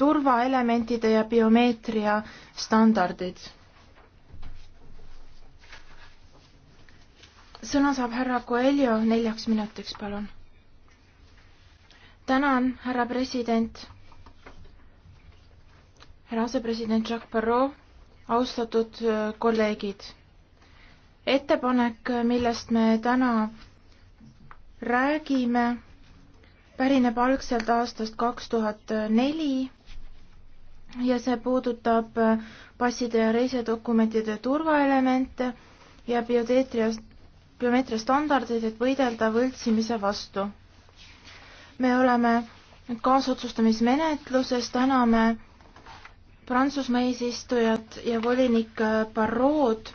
turvaelementide ja biomeetria standardid. sõna saab härra Coelho neljaks minutiks, palun. tänan, härra president, härra asepresident Jacques Barrot, austatud äh, kolleegid. ettepanek, millest me täna räägime, pärineb algselt aastast kaks tuhat neli ja see puudutab äh, passide ja reisidokumentide turvaelemente ja bioteetria, biomeetria standardeid, et võidelda võltsimise vastu. me oleme kaasotsustamismenetluses, täname Prantsusmaa eesistujat ja volinik äh, Barrot,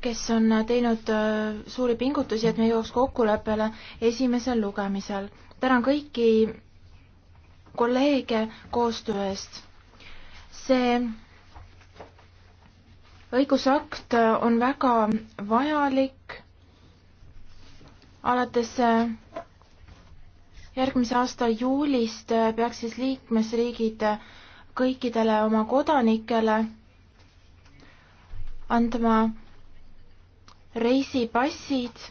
kes on äh, teinud suuri pingutusi, et me jõuaks kokkuleppele esimesel lugemisel. tänan kõiki kolleege koostöö eest see õigusakt on väga vajalik alates äh, järgmise aasta juulist äh, peaks siis liikmesriigid äh, kõikidele oma kodanikele andma reisipassid.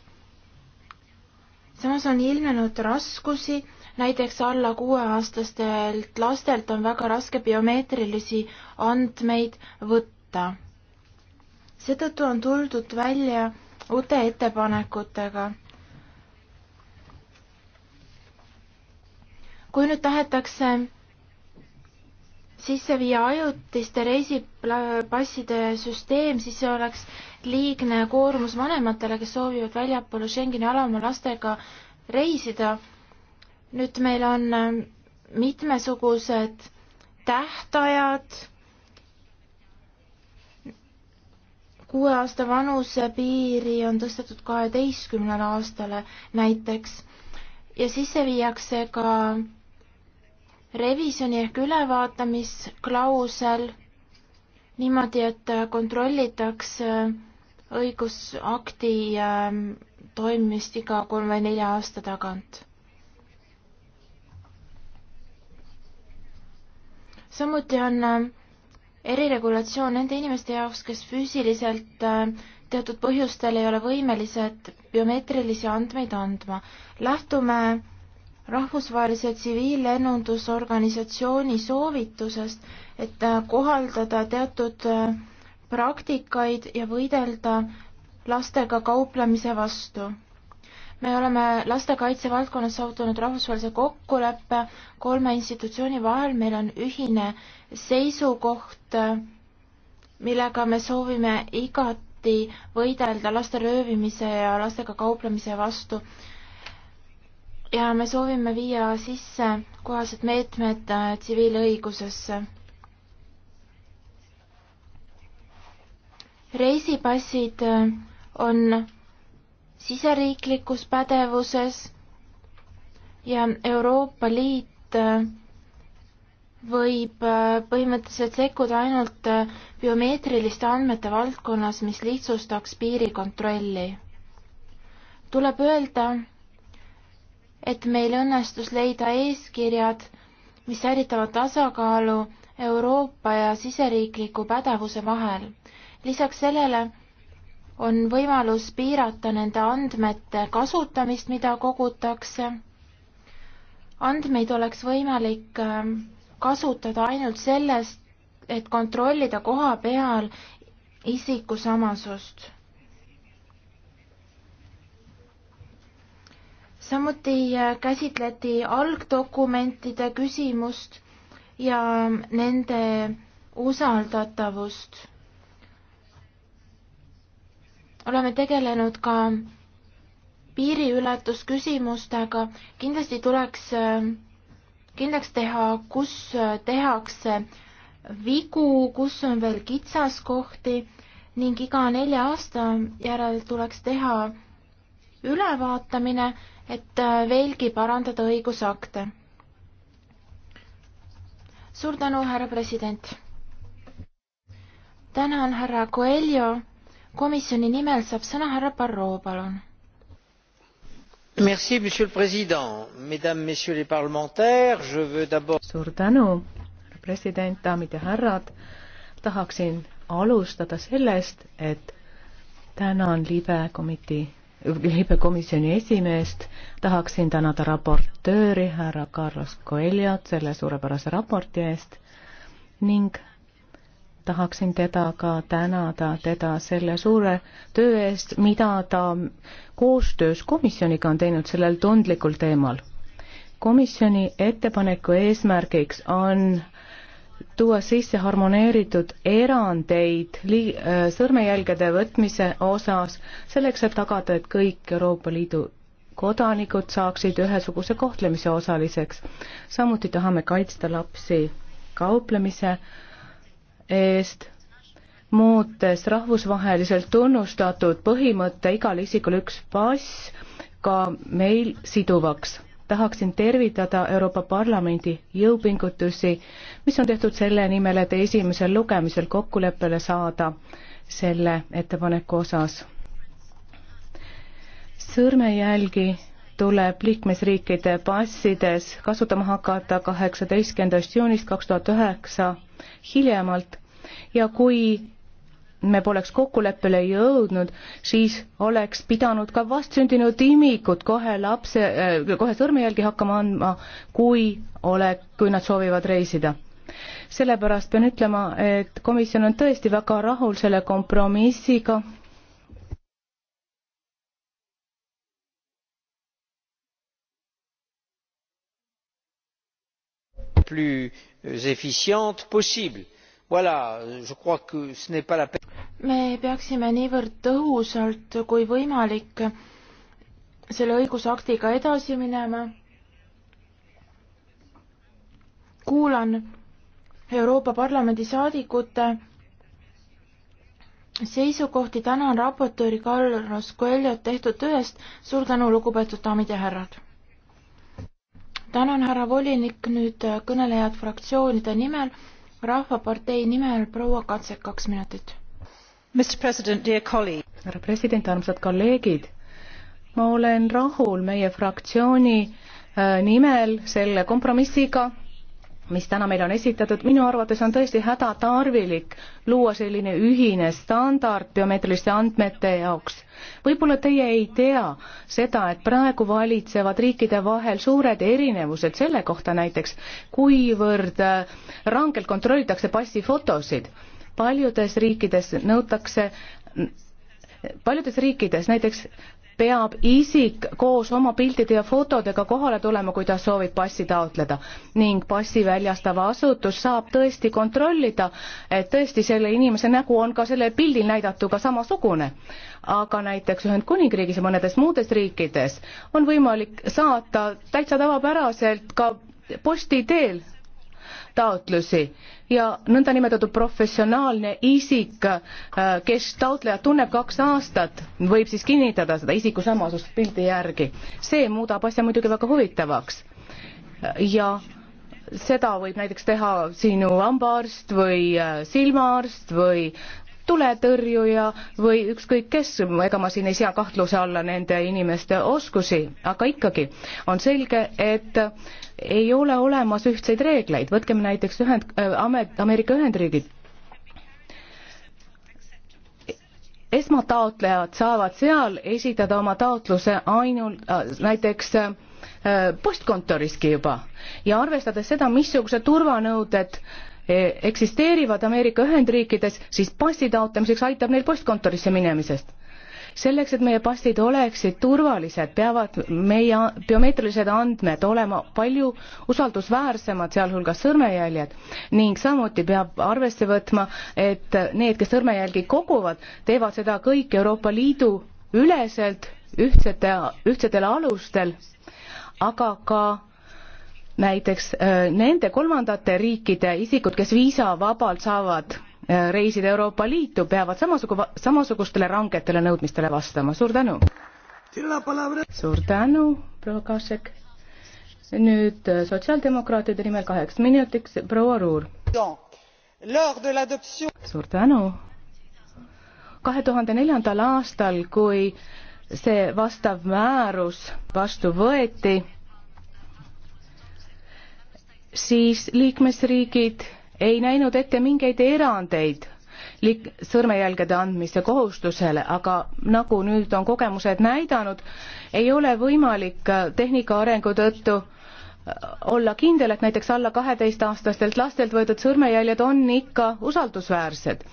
samas on ilmnenud raskusi näiteks alla kuueaastastelt lastelt on väga raske biomeetrilisi andmeid võtta. seetõttu on tuldud välja uute ettepanekutega. kui nüüd tahetakse sisse viia ajutiste reisipasside süsteem, siis see oleks liigne koormus vanematele, kes soovivad väljapoole Schengeni ala oma lastega reisida nüüd meil on ähm, mitmesugused tähtajad, kuue aasta vanuse piiri on tõstetud kaheteistkümnele aastale näiteks ja sisse viiakse ka revisjoni ehk ülevaatamisklausel niimoodi, et kontrollitakse õigusakti ähm, toimimist iga kolme-nelja aasta tagant samuti on äh, eriregulatsioon nende inimeste jaoks, kes füüsiliselt äh, teatud põhjustel ei ole võimelised biomeetrilisi andmeid andma. lähtume rahvusvahelise tsiviillennundusorganisatsiooni soovitusest, et äh, kohaldada teatud praktikaid ja võidelda lastega kauplemise vastu me oleme lastekaitse valdkonnas saavutanud rahvusvahelise kokkuleppe kolme institutsiooni vahel, meil on ühine seisukoht, millega me soovime igati võidelda laste röövimise ja lastega kauplemise vastu. ja me soovime viia sisse kohased meetmed äh, tsiviilõigusesse reisipassid äh, on siseriiklikus pädevuses ja Euroopa Liit äh, võib äh, põhimõtteliselt sekkuda ainult äh, biomeetriliste andmete valdkonnas, mis lihtsustaks piirikontrolli. tuleb öelda, et meil õnnestus leida eeskirjad, mis säilitavad tasakaalu Euroopa ja siseriikliku pädevuse vahel. lisaks sellele on võimalus piirata nende andmete kasutamist, mida kogutakse. andmeid oleks võimalik ähm, kasutada ainult selles, et kontrollida koha peal isiku samasust. samuti äh, käsitleti algdokumentide küsimust ja ähm, nende usaldatavust oleme tegelenud ka piiriületusküsimustega, kindlasti tuleks äh, kindlaks teha, kus äh, tehakse vigu, kus on veel kitsaskohti ning iga nelja aasta järel tuleks teha ülevaatamine, et äh, veelgi parandada õigusakte. suur tänu, härra president! tänan, härra Coelho komisjoni nimel saab sõna härra Barrot, palun. Merci, monsieur le président, mesdames, messieurs les parlementaires, je veux d'abord. suur tänu, president, daamid ja härrad. tahaksin alustada sellest, et tänan libe komitee liibekomisjoni esimeest, tahaksin tänada raportööri härra Carlos Coelhot selle suurepärase raporti eest ning tahaksin teda ka tänada teda selle suure töö eest, mida ta koostöös komisjoniga on teinud sellel tundlikul teemal. komisjoni ettepaneku eesmärgiks on tuua sisse harmoneeritud erandeid li-, äh, sõrmejälgede võtmise osas, selleks et tagada, et kõik Euroopa Liidu kodanikud saaksid ühesuguse kohtlemise osaliseks. samuti tahame kaitsta lapsi kauplemise äh, eest, muutes rahvusvaheliselt tunnustatud põhimõtte igal isikul üks pass ka meil siduvaks. tahaksin tervitada Euroopa Parlamendi jõupingutusi, mis on tehtud selle nimel, et esimesel lugemisel kokkuleppele saada selle ettepaneku osas. sõrmejälgi tuleb liikmesriikide passides kasutama hakata kaheksateistkümnendast juunist kaks tuhat üheksa hiljemalt ja kui me poleks kokkuleppele jõudnud, siis oleks pidanud ka vastsündinud imikud kohe lapse, äh, kohe sõrmejälgi hakkama andma, kui ole, kui nad soovivad reisida. sellepärast pean ütlema, et komisjon on tõesti väga rahul selle kompromissiga plus euh, efficiente possible. Voilà, je crois que ce n'est pas la peine. me peaksime niivõrd tõhusalt kui võimalik selle õigusaktiga edasi minema. kuulan Euroopa Parlamendi saadikute seisukohti, tänan raportööri Carlos Coelhot tehtud töö eest, suur tänu, lugupeetud daamid ja härrad! tänan, härra volinik, nüüd kõnelejad fraktsioonide nimel. rahvapartei nimel proua Katsek, kaks minutit. härra president, armsad kolleegid, ma olen rahul meie fraktsiooni äh, nimel selle kompromissiga mis täna meile on esitatud, minu arvates on tõesti hädatarvilik luua selline ühine standard biomeetriliste andmete jaoks. võib-olla teie ei tea seda, et praegu valitsevad riikide vahel suured erinevused selle kohta näiteks, kuivõrd äh, rangelt kontrollitakse passifotosid. paljudes riikides nõutakse paljudes riikides, näiteks peab isik koos oma piltide ja fotodega kohale tulema, kui ta soovib passi taotleda ning passi väljastav asutus saab tõesti kontrollida, et tõesti selle inimese nägu on ka sellel pildil näidatuga samasugune. aga näiteks Ühendkuningriigis ja mõnedes muudes riikides on võimalik saata täitsa tavapäraselt ka posti teel taotlusi ja nõndanimetatud professionaalne isik, äh, kes taotlejat tunneb kaks aastat, võib siis kinnitada seda isikusamasust pildi järgi. see muudab asja muidugi väga huvitavaks. ja seda võib näiteks teha sinu hambaarst või äh, silmaarst või tuletõrjuja või ükskõik kes, ega ma siin ei sea kahtluse alla nende inimeste oskusi, aga ikkagi on selge, et ei ole olemas ühtseid reegleid, võtkem näiteks ühend- äh,, amet, Ameerika Ühendriigid. esmataotlejad saavad seal esitada oma taotluse ainult äh, näiteks äh, postkontoriski juba ja arvestades seda, missugused turvanõuded äh, E, eksisteerivad Ameerika Ühendriikides, siis passi taotlemiseks aitab neil postkontorisse minemisest. selleks, et meie passid oleksid turvalised, peavad meie biomeetrilised andmed olema palju usaldusväärsemad, sealhulgas sõrmejäljed, ning samuti peab arvesse võtma, et need, kes sõrmejälgi koguvad, teevad seda kõik Euroopa Liidu üleselt ühtsete, ühtsetel alustel, aga ka näiteks äh, nende kolmandate riikide isikud, kes viisavabalt saavad äh, reisida Euroopa Liitu, peavad samasugu-, samasugustele rangetele nõudmistele vastama. suur tänu! suur tänu, proua Kašek! nüüd äh, sotsiaaldemokraatide nimel kaheks minutiks proua Ruur. suur tänu! kahe tuhande neljandal aastal, kui see vastav määrus vastu võeti, siis liikmesriigid ei näinud ette mingeid erandeid liik-, sõrmejälgede andmise kohustusele, aga nagu nüüd on kogemused näidanud, ei ole võimalik äh, tehnika arengu tõttu äh, olla kindel, et näiteks alla kaheteistaastastelt lastelt võetud sõrmejäljed on ikka usaldusväärsed.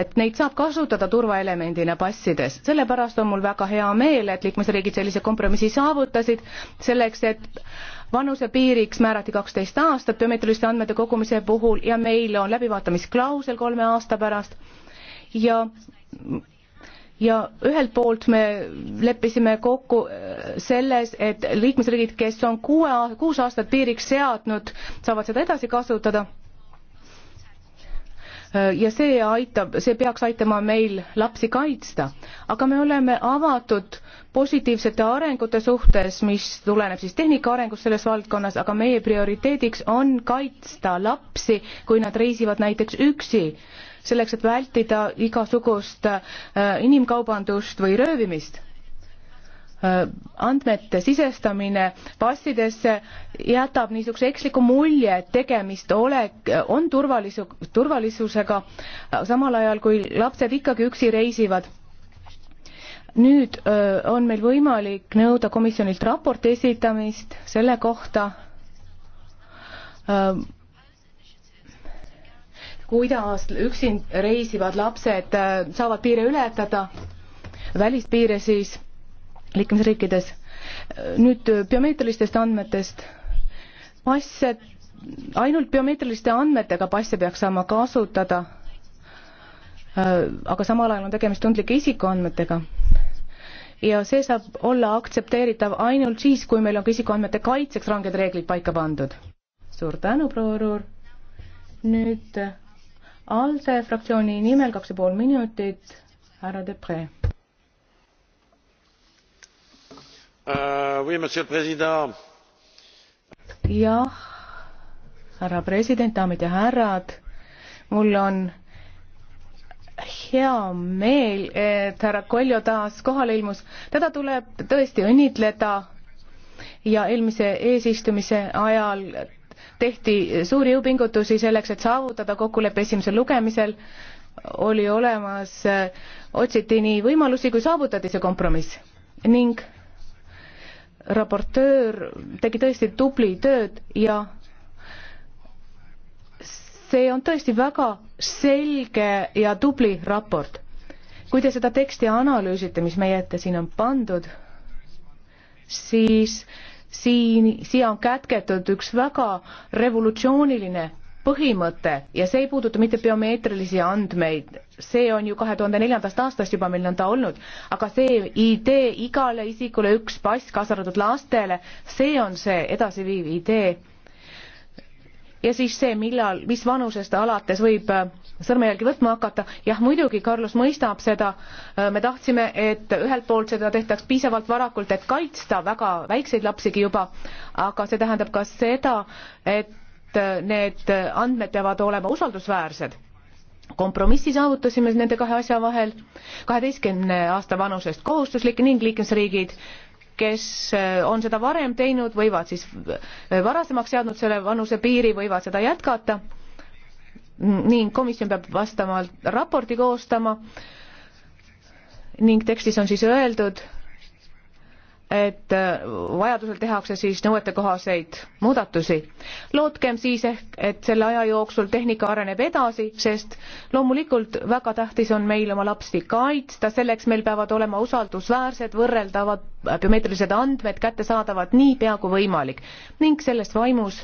et neid saab kasutada turvaelemendina passides, sellepärast on mul väga hea meel, et liikmesriigid sellise kompromissi saavutasid, selleks et vanusepiiriks määrati kaksteist aastat biomeetriliste andmete kogumise puhul ja meil on läbivaatamisklausel kolme aasta pärast ja ja ühelt poolt me leppisime kokku äh, selles, et liikmesriigid, kes on kuue, kuus aastat piiriks seadnud, saavad seda edasi kasutada ja see aitab, see peaks aitama meil lapsi kaitsta. aga me oleme avatud positiivsete arengute suhtes, mis tuleneb siis tehnika arengust selles valdkonnas, aga meie prioriteediks on kaitsta lapsi, kui nad reisivad näiteks üksi, selleks et vältida igasugust äh, inimkaubandust või röövimist Äh, andmete sisestamine passidesse jätab niisuguse eksliku mulje, et tegemist ole, on turvalisu-, turvalisusega, samal ajal kui lapsed ikkagi üksi reisivad. nüüd öö, äh, on meil võimalik nõuda komisjonilt raporti esitamist selle kohta, äh, kuidas üksin reisivad lapsed saavad piire ületada, välispiire siis liikmesriikides. nüüd äh, biomeetrilistest andmetest. passe, ainult biomeetriliste andmetega passe peaks saama kasutada, äh, aga samal ajal on tegemist tundlike isikuandmetega. ja see saab olla aktsepteeritav ainult siis, kui meil on ka isikuandmete kaitseks ranged reeglid paika pandud. suur tänu, proua Ruur. nüüd äh, ALDE fraktsiooni nimel kaks ja pool minutit, härra Depre Euh, jah, härra president, daamid ja härrad, mul on hea meel, et härra Koljo taas kohale ilmus. teda tuleb tõesti õnnitleda ja eelmise eesistumise ajal tehti suuri jõupingutusi selleks, et saavutada kokkulepe esimesel lugemisel, oli olemas, otsiti nii võimalusi kui saavutati see kompromiss ning raportöör tegi tõesti tubli tööd ja see on tõesti väga selge ja tubli raport. kui te seda teksti analüüsite, mis meie ette siin on pandud, siis siin, siia on kätketud üks väga revolutsiooniline põhimõte ja see ei puuduta mitte biomeetrilisi andmeid, see on ju kahe tuhande neljandast aastast juba meil on ta olnud, aga see idee igale isikule üks pass, kaasa arvatud lastele, see on see edasiviiv idee. ja siis see, millal, mis vanusest alates võib äh, sõrmejälgi võtma hakata, jah, muidugi Carlos mõistab seda, äh, me tahtsime, et ühelt poolt seda tehtaks piisavalt varakult, et kaitsta väga väikseid lapsigi juba, aga see tähendab ka seda, et Äh, need äh, andmed peavad olema usaldusväärsed kompromissi saavutasime nende kahe asja vahel kaheteistkümne aasta vanusest kohustuslik ning liikmesriigid kes äh, on seda varem teinud võivad siis varasemaks seadnud selle vanusepiiri võivad seda jätkata ning komisjon peab vastavalt raporti koostama ning tekstis on siis öeldud et äh, vajadusel tehakse siis nõuetekohaseid muudatusi. lootkem siis ehk, et selle aja jooksul tehnika areneb edasi, sest loomulikult väga tähtis on meil oma lapsi kaitsta, selleks meil peavad olema usaldusväärsed, võrreldavad biomeetrilised andmed kättesaadavad niipea kui võimalik ning selles vaimus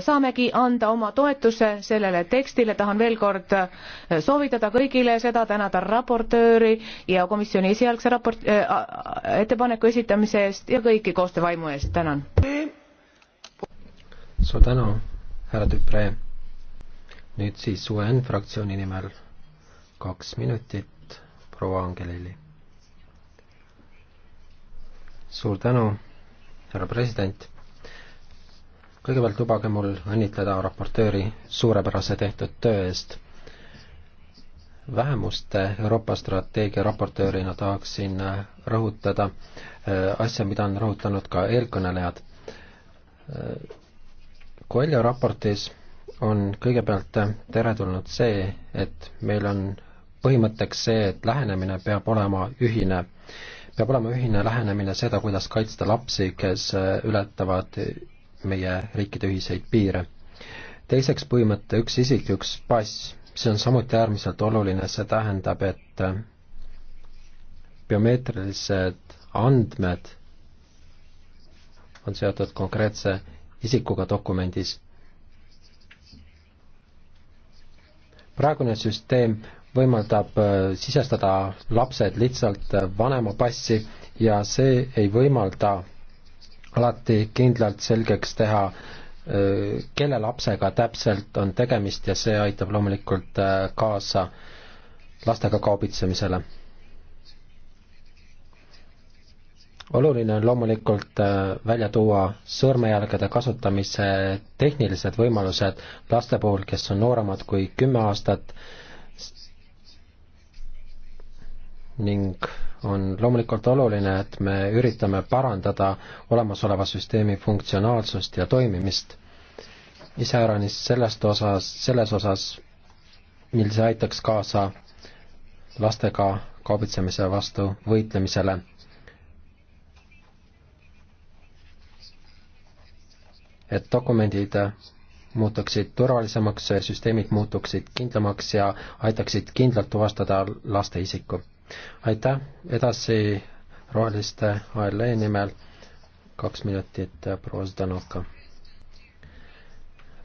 saamegi anda oma toetuse sellele tekstile, tahan veel kord soovitada kõigile seda, tänada raportööri ja komisjoni esialgse raport- äh,, ettepaneku esitamise eest ja kõiki koostöövaimu eest, tänan. suur tänu, härra Tüpre. nüüd siis UN fraktsiooni nimel kaks minutit, proua Angelili. suur tänu, härra president kõigepealt lubage mul õnnitleda raportööri suurepärase tehtud töö eest. vähemuste Euroopa strateegia raportöörina tahaksin rõhutada äh, asja, mida on rõhutanud ka eelkõnelejad. Koelja äh, raportis on kõigepealt teretulnud see, et meil on põhimõtteks see, et lähenemine peab olema ühine. peab olema ühine lähenemine seda, kuidas kaitsta lapsi, kes äh, ületavad meie riikide ühiseid piire. teiseks põhimõte üks isik, üks pass, see on samuti äärmiselt oluline, see tähendab, et biomeetrilised andmed on seotud konkreetse isikuga dokumendis. praegune süsteem võimaldab äh, sisestada lapsed lihtsalt äh, vanema passi ja see ei võimalda alati kindlalt selgeks teha, kelle lapsega täpselt on tegemist ja see aitab loomulikult kaasa lastega kaubitsemisele. oluline on loomulikult välja tuua sõrmejälgede kasutamise tehnilised võimalused laste puhul, kes on nooremad kui kümme aastat ning on loomulikult oluline, et me üritame parandada olemasoleva süsteemi funktsionaalsust ja toimimist. iseäranis sellest osas, selles osas, mil see aitaks kaasa lastega kaubitsemise vastu võitlemisele. et dokumendid muutuksid turvalisemaks, süsteemid muutuksid kindlamaks ja aitaksid kindlalt tuvastada laste isikut aitäh, edasi roheliste ALE nimel kaks minutit proua Zdanoka.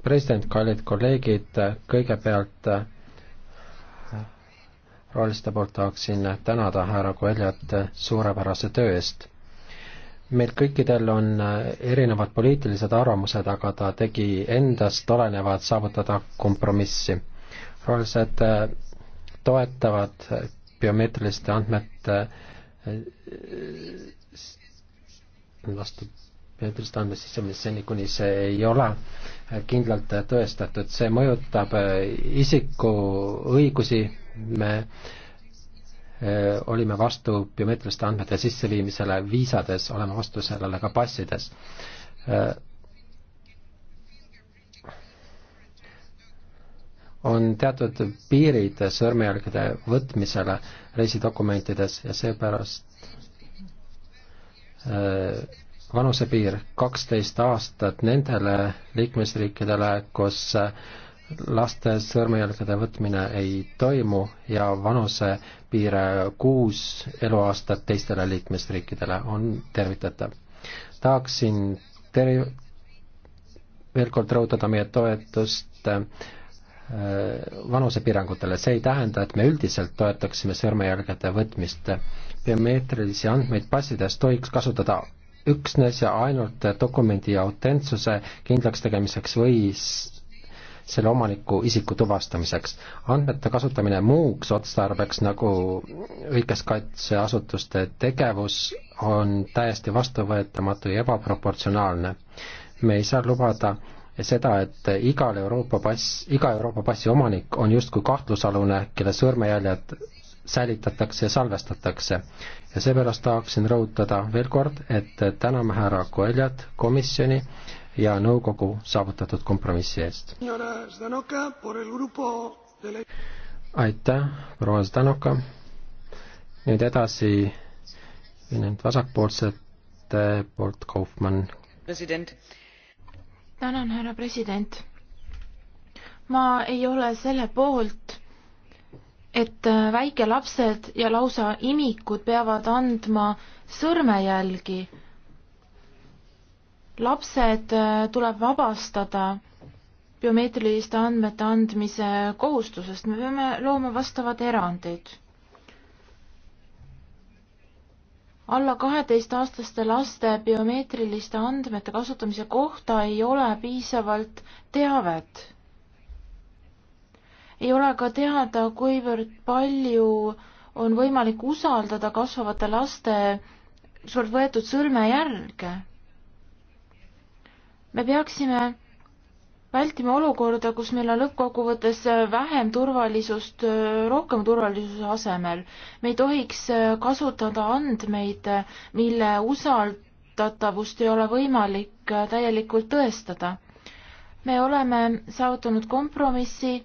president, kallid kolleegid, kõigepealt äh, roheliste poolt tahaksin tänada härra Koeljat äh, suurepärase töö eest. meil kõikidel on äh, erinevad poliitilised arvamused, aga ta tegi endast olenevat saavutada kompromissi. rohelised toetavad biomeetriliste andmete eh, vastu biomeetriliste andmete sissemist seni, kuni see ei ole kindlalt tõestatud, see mõjutab eh, isiku õigusi, me eh, olime vastu biomeetriliste andmete sisseviimisele viisades, oleme vastu sellele ka passides on teatud piirid sõrmejälgede võtmisele reisidokumentides ja seepärast äh, vanusepiir kaksteist aastat nendele liikmesriikidele, kus äh, laste sõrmejälgede võtmine ei toimu ja vanusepiir kuus eluaastat teistele liikmesriikidele on tervitatav. tahaksin ter-, veel kord rõhutada meie toetust äh, Äh, vanusepiirangutele, see ei tähenda, et me üldiselt toetaksime sõrmejälgede võtmist. biomeetrilisi andmeid passides tohiks kasutada üksnes ja ainult dokumendi autentsuse kindlakstegemiseks või selle omaniku isiku tuvastamiseks. andmete kasutamine muuks otstarbeks, nagu õiguskaitseasutuste tegevus, on täiesti vastuvõetamatu ja ebaproportsionaalne. me ei saa lubada äh, seda, et igal Euroopa pass, iga Euroopa passi omanik on justkui kahtlusalune, kelle sõrmejäljed säilitatakse ja salvestatakse. ja seepärast tahaksin rõhutada veel kord, et täname härra Koeljat, komisjoni ja nõukogu saavutatud kompromissi eest. aitäh, proua Zdanoka. nüüd edasi nüüd vasakpoolsete poolt Kaufmann. president tänan, härra president. ma ei ole selle poolt, et äh, väikelapsed ja lausa imikud peavad andma sõrmejälgi. lapsed äh, tuleb vabastada biomeetriliste andmete andmise kohustusest, me peame looma vastavad erandid alla kaheteistaastaste laste biomeetriliste andmete kasutamise kohta ei ole piisavalt teavet. ei ole ka teada, kuivõrd palju on võimalik usaldada kasvavate laste suurt võetud sõrmejälge. me peaksime vältima olukorda, kus meil on lõppkokkuvõttes vähem turvalisust rohkem turvalisuse asemel. me ei tohiks kasutada andmeid, mille usaldatavust ei ole võimalik täielikult tõestada. me oleme saavutanud kompromissi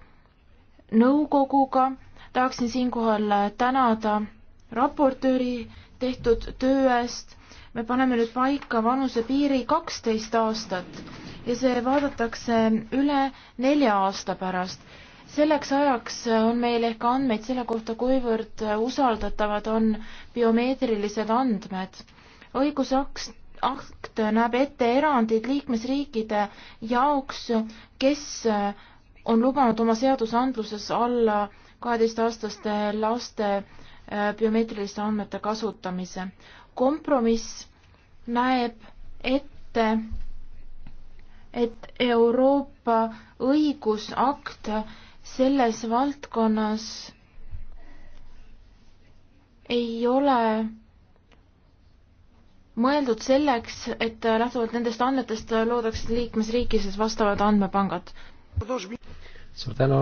nõukoguga, tahaksin siinkohal tänada raportööri tehtud töö eest, me paneme nüüd paika vanusepiiri kaksteist aastat ja see vaadatakse üle nelja aasta pärast selleks ajaks on meil ehk andmeid selle kohta, kuivõrd usaldatavad on biomeetrilised andmed. õigusaks, akt näeb ette erandid liikmesriikide jaoks, kes on lubanud oma seadusandluses alla kaheteistaastaste laste äh, biomeetriliste andmete kasutamise. kompromiss näeb ette et Euroopa õigusakt selles valdkonnas ei ole mõeldud selleks, et lähtuvalt nendest annetest loodaksid liikmesriikides vastavad andmepangad. suur tänu,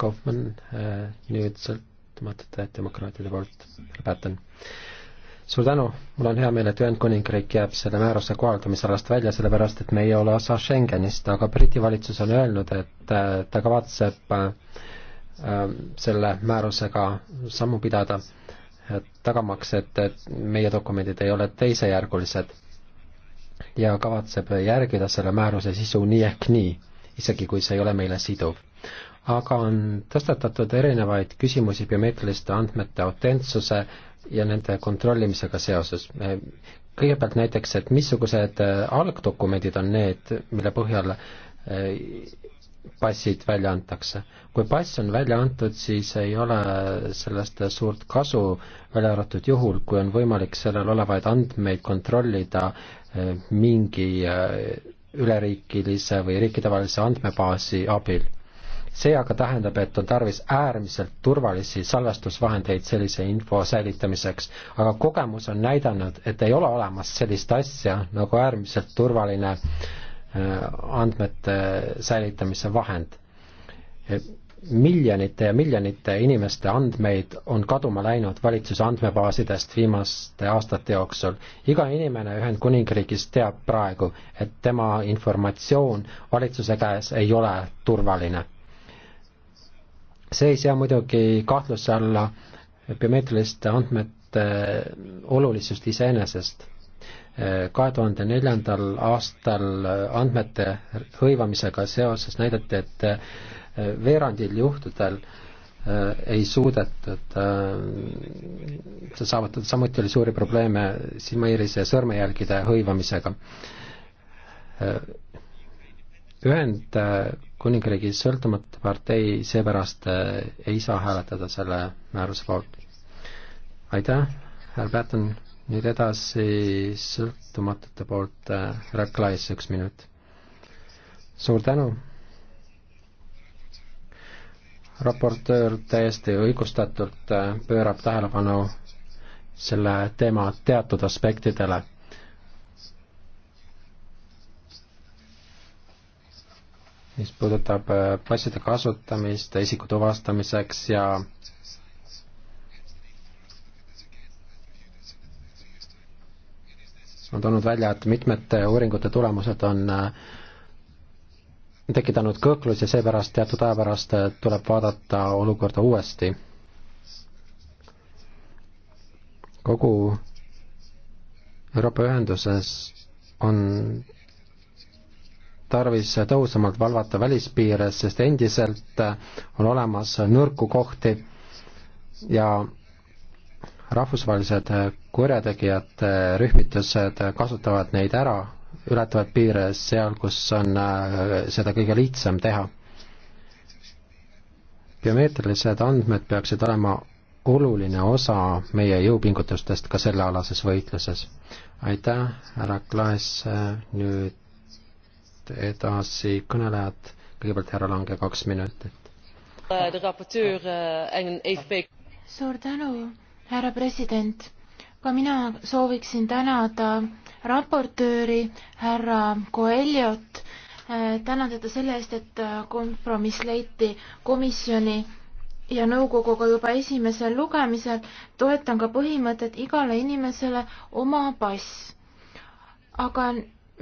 Kaufmann, äh, nüüd sõltumatute demokraatide poolt, lõpetan suur tänu, mul on hea meel, et Ühendkuningriik jääb selle määruse kohaldamisalast välja, sellepärast et me ei ole osa Schengenist, aga Briti valitsus on öelnud, et äh, ta kavatseb äh, äh, selle määrusega sammu pidada, tagamaks, et meie dokumendid ei ole teisejärgulised ja kavatseb järgida selle määruse sisu nii ehk nii, isegi kui see ei ole meile siduv. aga on tõstatatud erinevaid küsimusi biomeetriliste andmete autentsuse ja nende kontrollimisega seoses. kõigepealt näiteks, et missugused äh, algdokumendid on need, mille põhjal äh, passid välja antakse. kui pass on välja antud, siis ei ole sellest suurt kasu, välja arvatud juhul, kui on võimalik sellel olevaid andmeid kontrollida äh, mingi üleriikilise või riikidevahelises andmebaasi abil see aga tähendab, et on tarvis äärmiselt turvalisi salvestusvahendeid sellise info säilitamiseks, aga kogemus on näidanud, et ei ole olemas sellist asja nagu äärmiselt turvaline äh, andmete säilitamise vahend. E, miljonite ja miljonite inimeste andmeid on kaduma läinud valitsuse andmebaasidest viimaste aastate jooksul. iga inimene Ühendkuningriigis teab praegu, et tema informatsioon valitsuse käes ei ole turvaline see ei sea muidugi kahtluse alla biomeetriliste andmete olulisust iseenesest. kahe tuhande neljandal aastal andmete hõivamisega seoses näidati, et veerandil juhtudel äh, ei suudetud äh, seda saavutada, samuti oli suuri probleeme silmaiirise sõrmejälgide hõivamisega äh, Ühendkuningriigi äh, sõltumatu partei seepärast äh, ei saa hääletada selle määruse poolt. aitäh, härra Pätten, nüüd edasi sõltumatute poolt äh, härra Klais, üks minut. suur tänu raportöör täiesti õigustatult pöörab tähelepanu selle teema teatud aspektidele mis puudutab äh, passide kasutamist isiku tuvastamiseks ja on toonud välja, et mitmete uuringute tulemused on äh, tekitanud kõhklusi, seepärast teatud aja pärast äh, tuleb vaadata olukorda uuesti. kogu Euroopa ühenduses on tarvis tõhusamalt valvata välispiire, sest endiselt on olemas nõrku kohti ja rahvusvahelised kurjategijate rühmitused kasutavad neid ära, ületavad piire seal, kus on äh, seda kõige lihtsam teha. biomeetrilised andmed peaksid olema oluline osa meie jõupingutustest ka sellealases võitluses. aitäh, härra Klaas, nüüd nüüd edasi kõnelejad, kõigepealt härra Lange, kaks minutit. Äh, suur tänu, härra president. ka mina sooviksin tänada raportööri härra Coelhot, äh, tänada ta selle eest, et äh, kompromiss leiti komisjoni ja nõukoguga juba esimesel lugemisel toetan ka põhimõtet igale inimesele oma pass. aga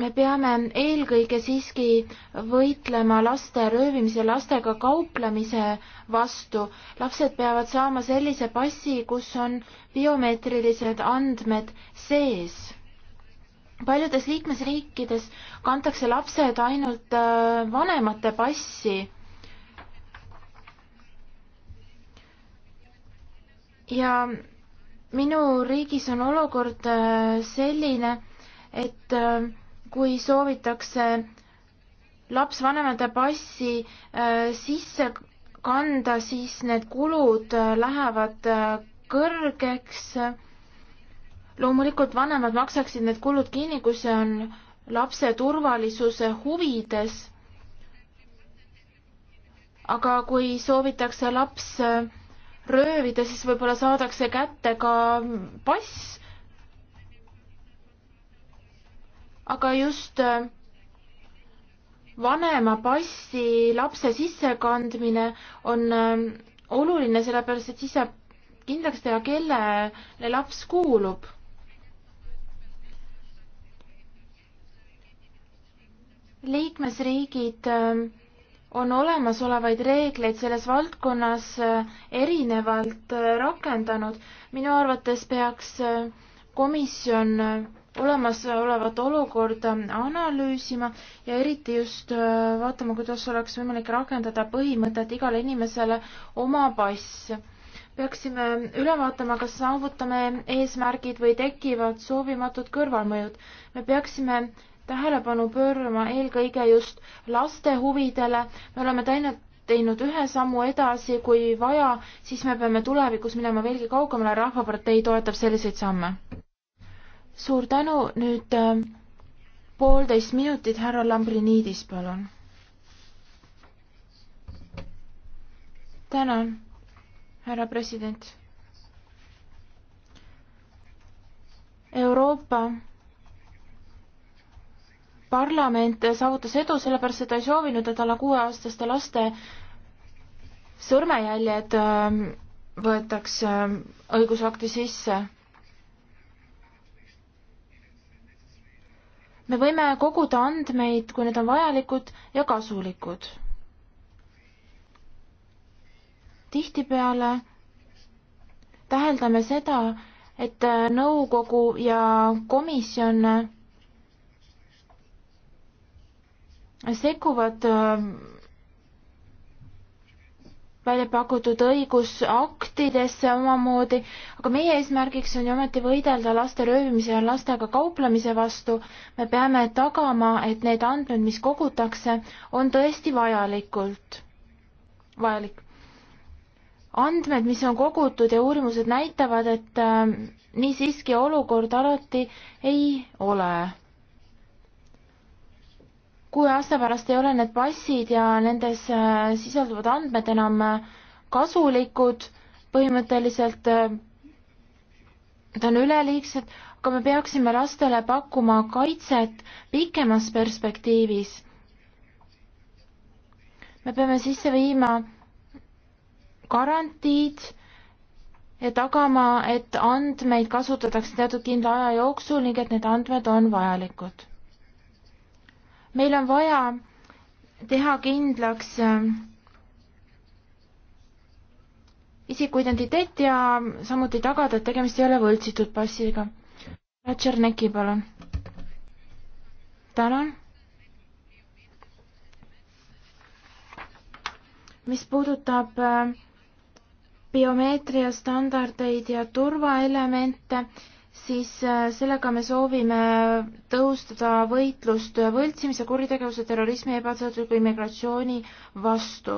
me peame eelkõige siiski võitlema laste röövimise, lastega kauplemise vastu. lapsed peavad saama sellise passi, kus on biomeetrilised andmed sees. paljudes liikmesriikides kantakse lapsed ainult äh, vanemate passi. ja minu riigis on olukord äh, selline, et äh, kui soovitakse lapsvanemate passi äh, sisse kanda, siis need kulud äh, lähevad äh, kõrgeks. loomulikult vanemad maksaksid need kulud kinni, kui see on lapse turvalisuse huvides. aga kui soovitakse laps röövida, siis võib-olla saadakse kätte ka pass aga just äh, vanema passi lapse sissekandmine on äh, oluline, sellepärast et siis saab kindlaks teha, kellele laps kuulub. liikmesriigid äh, on olemasolevaid reegleid selles valdkonnas erinevalt rakendanud. minu arvates peaks komisjon olemasolevat olukorda analüüsima ja eriti just äh, vaatama, kuidas oleks võimalik rakendada põhimõtet igale inimesele oma pass. peaksime üle vaatama, kas saavutame eesmärgid või tekivad soovimatud kõrvalmõjud. me peaksime tähelepanu pöörama eelkõige just laste huvidele, me oleme teinud teinud ühe sammu edasi, kui vaja, siis me peame tulevikus minema veelgi kaugemale, Rahvapartei toetab selliseid samme suur tänu, nüüd ähm, poolteist minutit, härra Lambriniidis, palun. tänan, härra president. Euroopa parlament saavutas edu sellepärast, et ta ei soovinud, et alla kuueaastaste laste sõrmejäljed ähm, võetakse ähm, õigusakti sisse me võime koguda andmeid, kui need on vajalikud ja kasulikud. tihtipeale täheldame seda, et nõukogu ja komisjon sekkuvad äh, välja pakutud õigusaktidesse omamoodi, aga meie eesmärgiks on ju ometi võidelda laste röövimise ja lastega kauplemise vastu. me peame tagama, et need andmed, mis kogutakse, on tõesti vajalikult, vajalik. andmed, mis on kogutud ja uurimused näitavad, et äh, nii siiski olukord alati ei ole kuue aasta pärast ei ole need passid ja nendes äh, sisalduvad andmed enam äh, kasulikud, põhimõtteliselt äh, ta on üleliigsed, aga me peaksime lastele pakkuma kaitset pikemas perspektiivis. me peame sisse viima garantiid ja tagama, et andmeid kasutatakse teatud kindla aja jooksul ning et need andmed on vajalikud meil on vaja teha kindlaks äh, isiku identiteet ja samuti tagada, et tegemist ei ole võltsitud passiga. Tšernäki, palun. tänan. mis puudutab äh, biomeetria standardeid ja turvaelemente, siis äh, sellega me soovime tõhustada võitlust võltsimise, kuritegevuse, terrorismi, ebaseadusliku immigratsiooni vastu.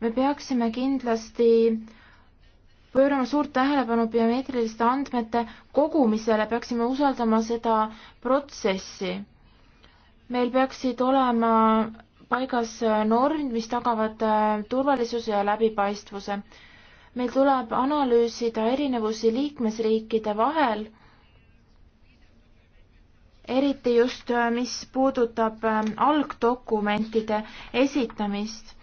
me peaksime kindlasti pöörama suurt tähelepanu biomeetriliste andmete kogumisele, peaksime usaldama seda protsessi. meil peaksid olema paigas normid, mis tagavad äh, turvalisuse ja läbipaistvuse. meil tuleb analüüsida erinevusi liikmesriikide vahel eriti just, äh, mis puudutab äh, algdokumentide esitamist.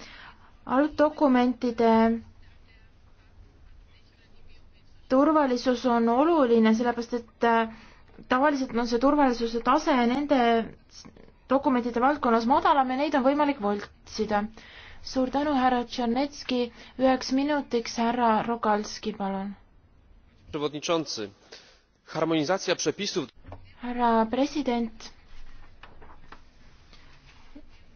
algdokumentide turvalisus on oluline, sellepärast et äh, tavaliselt on see turvalisuse tase nende dokumentide valdkonnas madalam ja neid on võimalik võltsida. suur tänu, härra Tšernetski, üheks minutiks härra Rogalski, palun härra president,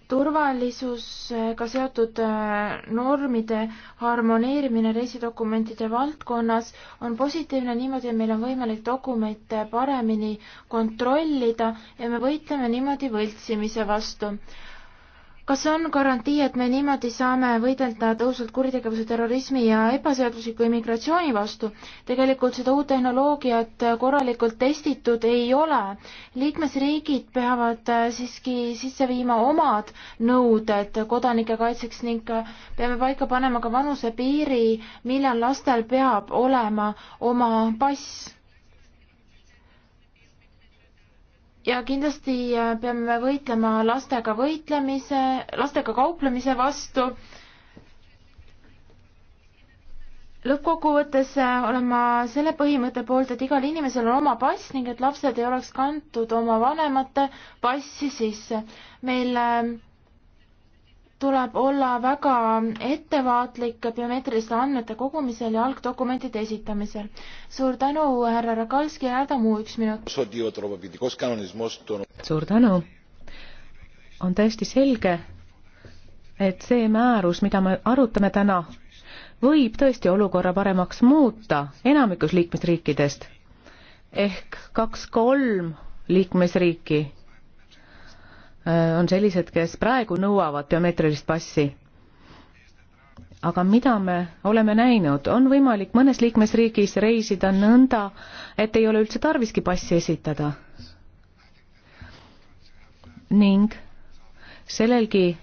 turvalisusega seotud äh, normide harmoneerimine reisidokumentide valdkonnas on positiivne, niimoodi meil on võimalik dokumente paremini kontrollida ja me võitleme niimoodi võltsimise vastu kas on garantii, et me niimoodi saame võidelda tõhusalt kuritegevuse, terrorismi ja ebaseadusliku immigratsiooni vastu? tegelikult seda uut tehnoloogiat korralikult testitud ei ole. liikmesriigid peavad äh, siiski sisse viima omad nõuded kodanike kaitseks ning äh, peame paika panema ka vanusepiiri, millal lastel peab olema oma pass ja kindlasti äh, peame võitlema lastega võitlemise, lastega kauplemise vastu. lõppkokkuvõttes äh, olen ma selle põhimõtte poolt, et igal inimesel on oma pass ning et lapsed ei oleks kantud oma vanemate passi sisse. meil äh, tuleb olla väga ettevaatlik biomeetriliste andmete kogumisel ja algdokumentide esitamisel. suur tänu, härra Rakalski ja härra Tamu, üks minut. suur tänu. on täiesti selge, et see määrus, mida me arutame täna, võib tõesti olukorra paremaks muuta enamikus liikmesriikidest ehk kaks-kolm liikmesriiki Äh, on sellised, kes praegu nõuavad biomeetrilist passi. aga mida me oleme näinud, on võimalik mõnes liikmesriigis reisida nõnda, et ei ole üldse tarviski passi esitada. ning sellelgi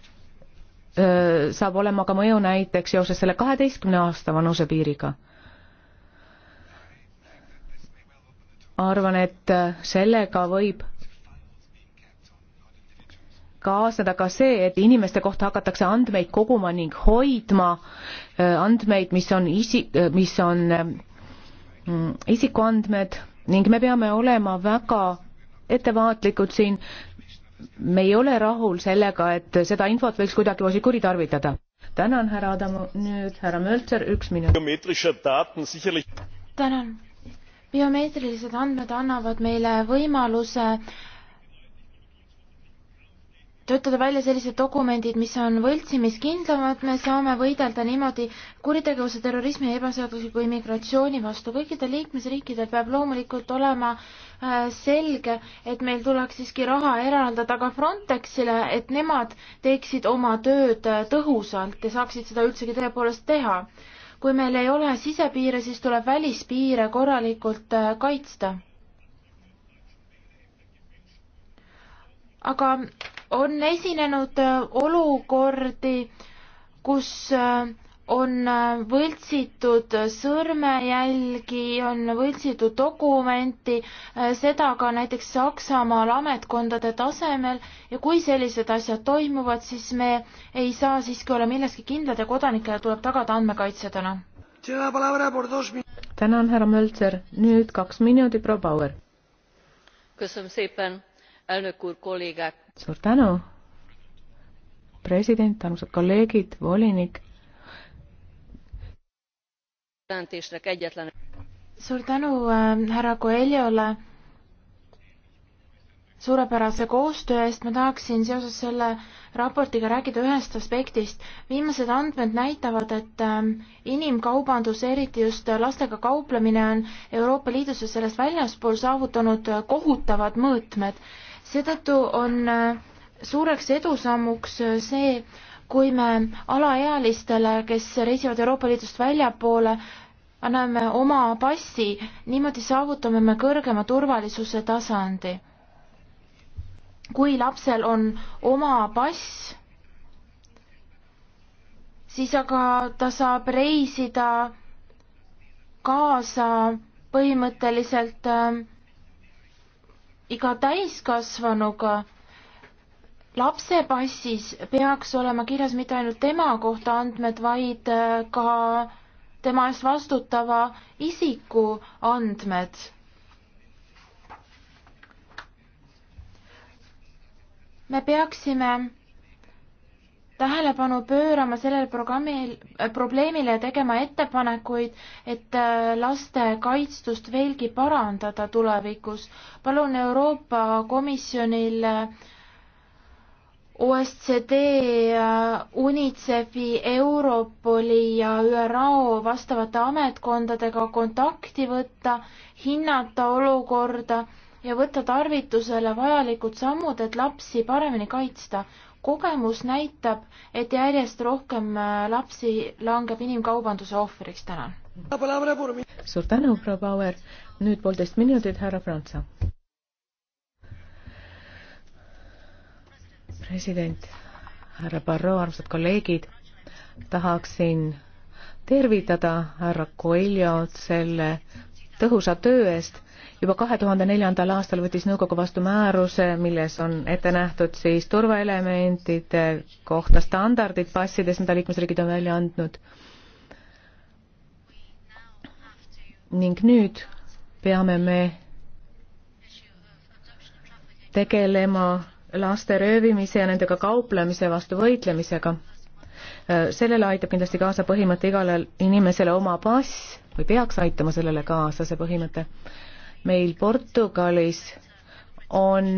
öö, äh, saab olema ka mõju näiteks seoses selle kaheteistkümne aasta vanuse piiriga arvan, et äh, sellega võib kaasneda ka see, et inimeste kohta hakatakse andmeid koguma ning hoidma, äh, andmeid, mis on isi-, äh, mis on äh, isikuandmed ning me peame olema väga ettevaatlikud siin, me ei ole rahul sellega, et seda infot võiks kuidagimoodi kuritarvitada. tänan, härra Adamu, nüüd härra Möltser, üks minut. tänan. biomeetrilised andmed annavad meile võimaluse töötada välja sellised dokumendid, mis on võltsimiskindlamad, me saame võidelda niimoodi kuritegevuse, terrorismi ja ebaseadusliku immigratsiooni vastu. kõikidel liikmesriikidel peab loomulikult olema äh, selge, et meil tuleks siiski raha eraldada ka Frontexile, et nemad teeksid oma tööd äh, tõhusalt ja saaksid seda üldsegi tõepoolest teha. kui meil ei ole sisepiire, siis tuleb välispiire korralikult äh, kaitsta. aga on esinenud äh, olukordi, kus äh, on äh, võltsitud sõrmejälgi, on võltsitud dokumenti, seda ka näiteks Saksamaal ametkondade tasemel ja kui sellised asjad toimuvad, siis me ei saa siiski olla milleski kindlad ja kodanikele tuleb tagada andmekaitse täna. tänan, härra Mölzer, nüüd kaks minutit, proua Bauer. köszönöm szépen, elnök úr, kollégák! suur tänu, president, armsad kolleegid, volinik. suur tänu äh, härra Coelhole suurepärase koostöö eest, ma tahaksin seoses selle raportiga rääkida ühest aspektist. viimased andmed näitavad, et äh, inimkaubandus, eriti just lastega kauplemine, on Euroopa Liidus ja sellest väljaspool saavutanud kohutavad mõõtmed seetõttu on äh, suureks edusammuks äh, see, kui me alaealistele, kes reisivad Euroopa Liidust väljapoole, anname oma passi, niimoodi saavutame me kõrgema turvalisuse tasandi. kui lapsel on oma pass, siis aga ta saab reisida kaasa põhimõtteliselt äh, iga täiskasvanuga. lapse passis peaks olema kirjas mitte ainult tema kohta andmed, vaid äh, ka tema eest vastutava isiku andmed. me peaksime tähelepanu pöörama sellele programmil, äh, probleemile ja tegema ettepanekuid, et äh, laste kaitstust veelgi parandada tulevikus. palun Euroopa Komisjonil äh, OSCD, UNICEF-i, Europoli ja ÜRO vastavate ametkondadega kontakti võtta, hinnata olukorda ja võtta tarvitusele vajalikud sammud, et lapsi paremini kaitsta kogemus näitab, et järjest rohkem äh, lapsi langeb inimkaubanduse ohvriks, tänan. suur tänu, proua Bauer. nüüd poolteist minutit, härra Prantsa. president, härra Barrot, armsad kolleegid, tahaksin tervitada härra Coelho selle tõhusa töö eest. juba kahe tuhande neljandal aastal võttis nõukogu vastu määruse, milles on ette nähtud siis turvaelementide kohta standardid passides, mida liikmesriigid on välja andnud. ning nüüd peame me tegelema laste röövimise ja nendega kauplemise vastu võitlemisega. sellele aitab kindlasti kaasa põhimõte igale inimesele oma pass või peaks aitama sellele kaasa, see põhimõte. meil Portugalis on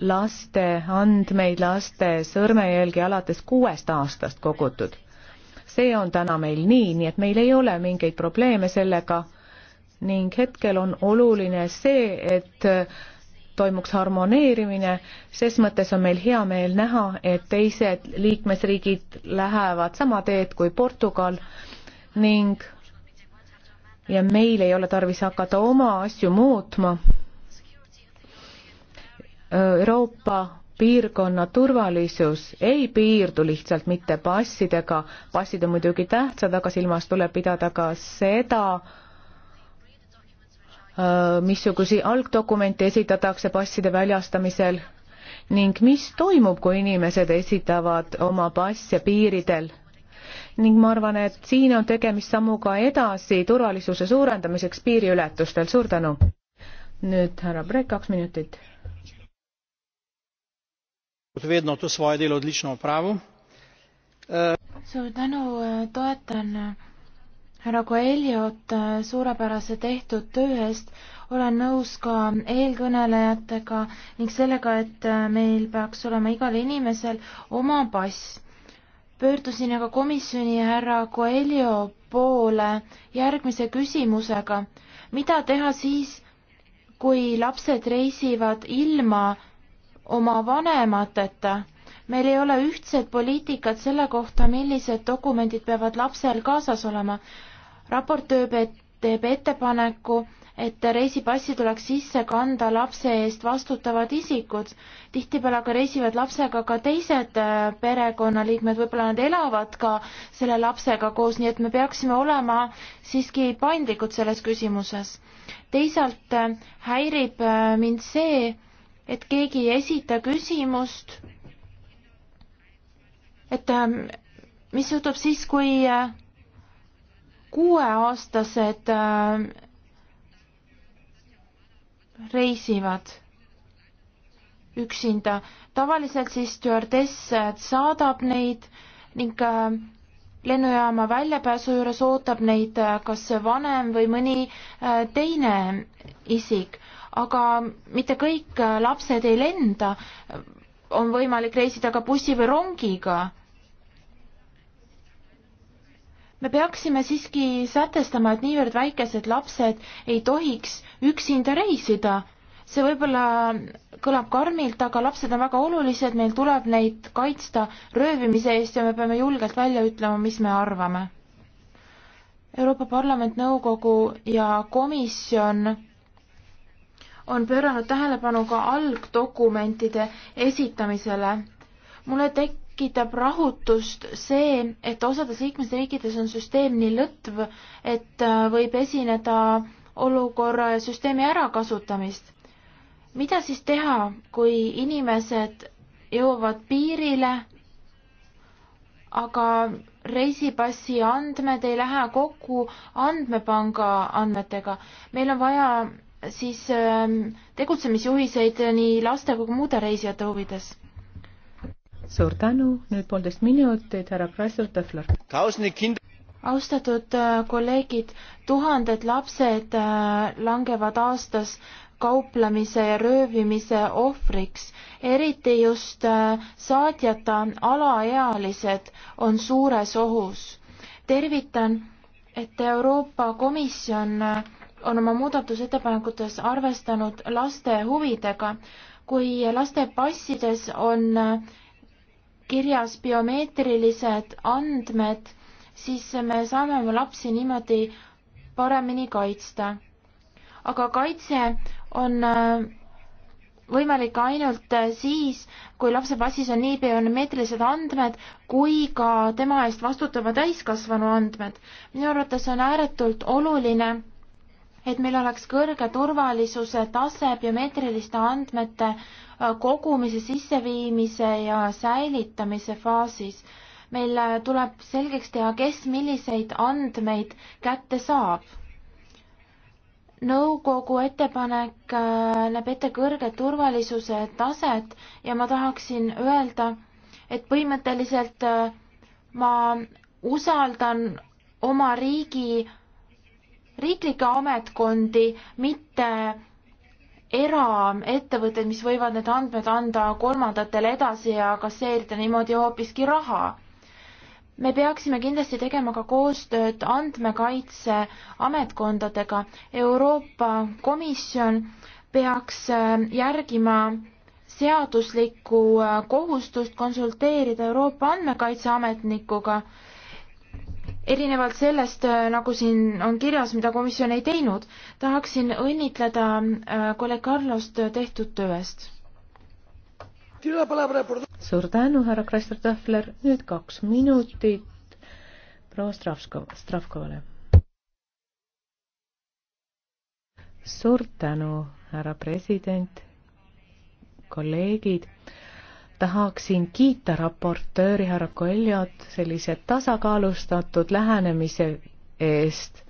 laste andmeid, laste sõrmejälgi alates kuuest aastast kogutud. see on täna meil nii, nii et meil ei ole mingeid probleeme sellega ning hetkel on oluline see, et toimuks harmoneerimine, ses mõttes on meil hea meel näha, et teised liikmesriigid lähevad sama teed kui Portugal ning ja meil ei ole tarvis hakata oma asju muutma. Euroopa piirkonna turvalisus ei piirdu lihtsalt mitte passidega, passid on muidugi tähtsad, aga silmas tuleb pidada ka seda, äh, missugusi algdokumente esitatakse passide väljastamisel ning mis toimub, kui inimesed esitavad oma passe piiridel ning ma arvan, et siin on tegemist sammuga edasi turvalisuse suurendamiseks piiriületustel, suur tänu. nüüd härra Brek, kaks minutit. E, suur tänu, e, toetan e, härra Koeljot suurepärase tehtud töö eest olen nõus ka eelkõnelejatega ning sellega, et meil peaks olema igal inimesel oma pass pöördusin aga komisjoni härra Coelho poole järgmise küsimusega. mida teha siis, kui lapsed reisivad ilma oma vanemateta? meil ei ole ühtset poliitikat selle kohta, millised dokumendid peavad lapsel kaasas olema. raportöö teeb ettepaneku, et reisipassi tuleks sisse kanda lapse eest vastutavad isikud. tihtipeale aga reisivad lapsega ka teised äh, perekonnaliikmed, võib-olla nad elavad ka selle lapsega koos, nii et me peaksime olema siiski paindlikud selles küsimuses. teisalt äh, häirib äh, mind see, et keegi ei esita küsimust, et ähm, mis juhtub siis, kui kuueaastased reisivad üksinda. tavaliselt siis stjuardess saadab neid ning äh, lennujaama väljapääsu juures ootab neid äh, kas vanem või mõni äh, teine isik, aga mitte kõik lapsed ei lenda, on võimalik reisida ka bussi või rongiga me peaksime siiski sätestama, et niivõrd väikesed lapsed ei tohiks üksinda reisida. see võib-olla kõlab karmilt, aga lapsed on väga olulised, meil tuleb neid kaitsta röövimise eest ja me peame julgelt välja ütlema, mis me arvame. Euroopa Parlament, nõukogu ja komisjon on pööranud tähelepanu ka algdokumentide esitamisele. mulle tek-, tekitab rahutust see, et osades liikmesriikides on süsteem nii lõtv, et äh, võib esineda olukorra ja süsteemi ärakasutamist. mida siis teha, kui inimesed jõuavad piirile, aga reisipassi andmed ei lähe kokku andmepanga andmetega. meil on vaja siis ähm, tegutsemisjuhiseid nii laste kui ka muude reisijate huvides suur tänu, nüüd poolteist minutit, härra Kreisler Tõhler. austatud äh, kolleegid, tuhanded lapsed äh, langevad aastas kauplemise ja röövimise ohvriks, eriti just äh, saatjata alaealised on suures ohus. tervitan, et Euroopa Komisjon on oma muudatusettepanekutes arvestanud laste huvidega. kui laste passides on kirjas biomeetrilised andmed, siis me saame oma lapsi niimoodi paremini kaitsta. aga kaitse on äh, võimalik ainult äh, siis, kui lapse passis on nii biomeetrilised andmed kui ka tema eest vastutava täiskasvanu andmed. minu arvates on ääretult oluline et meil oleks kõrge turvalisuse tase biomeetriliste andmete äh, kogumise, sisseviimise ja säilitamise faasis. meil äh, tuleb selgeks teha, kes milliseid andmeid kätte saab. nõukogu ettepanek äh, näeb ette kõrget turvalisuse taset ja ma tahaksin öelda, et põhimõtteliselt ma usaldan oma riigi riiklikke ametkondi, mitte eraettevõtteid, mis võivad need andmed anda kolmandatele edasi ja kasseerida niimoodi hoopiski raha. me peaksime kindlasti tegema ka koostööd andmekaitseametkondadega. Euroopa Komisjon peaks äh, järgima seaduslikku äh, kohustust konsulteerida Euroopa andmekaitseametnikuga erinevalt sellest, äh, nagu siin on kirjas, mida komisjon ei teinud, tahaksin õnnitleda äh, kolleeg Carlost äh, tehtud töö eest. suur tänu, härra Kraister Tahvler, nüüd kaks minutit proua Stravkova, Stravkovale. suur tänu, härra president, kolleegid tahaksin kiita raportööri härra Koljat sellise tasakaalustatud lähenemise eest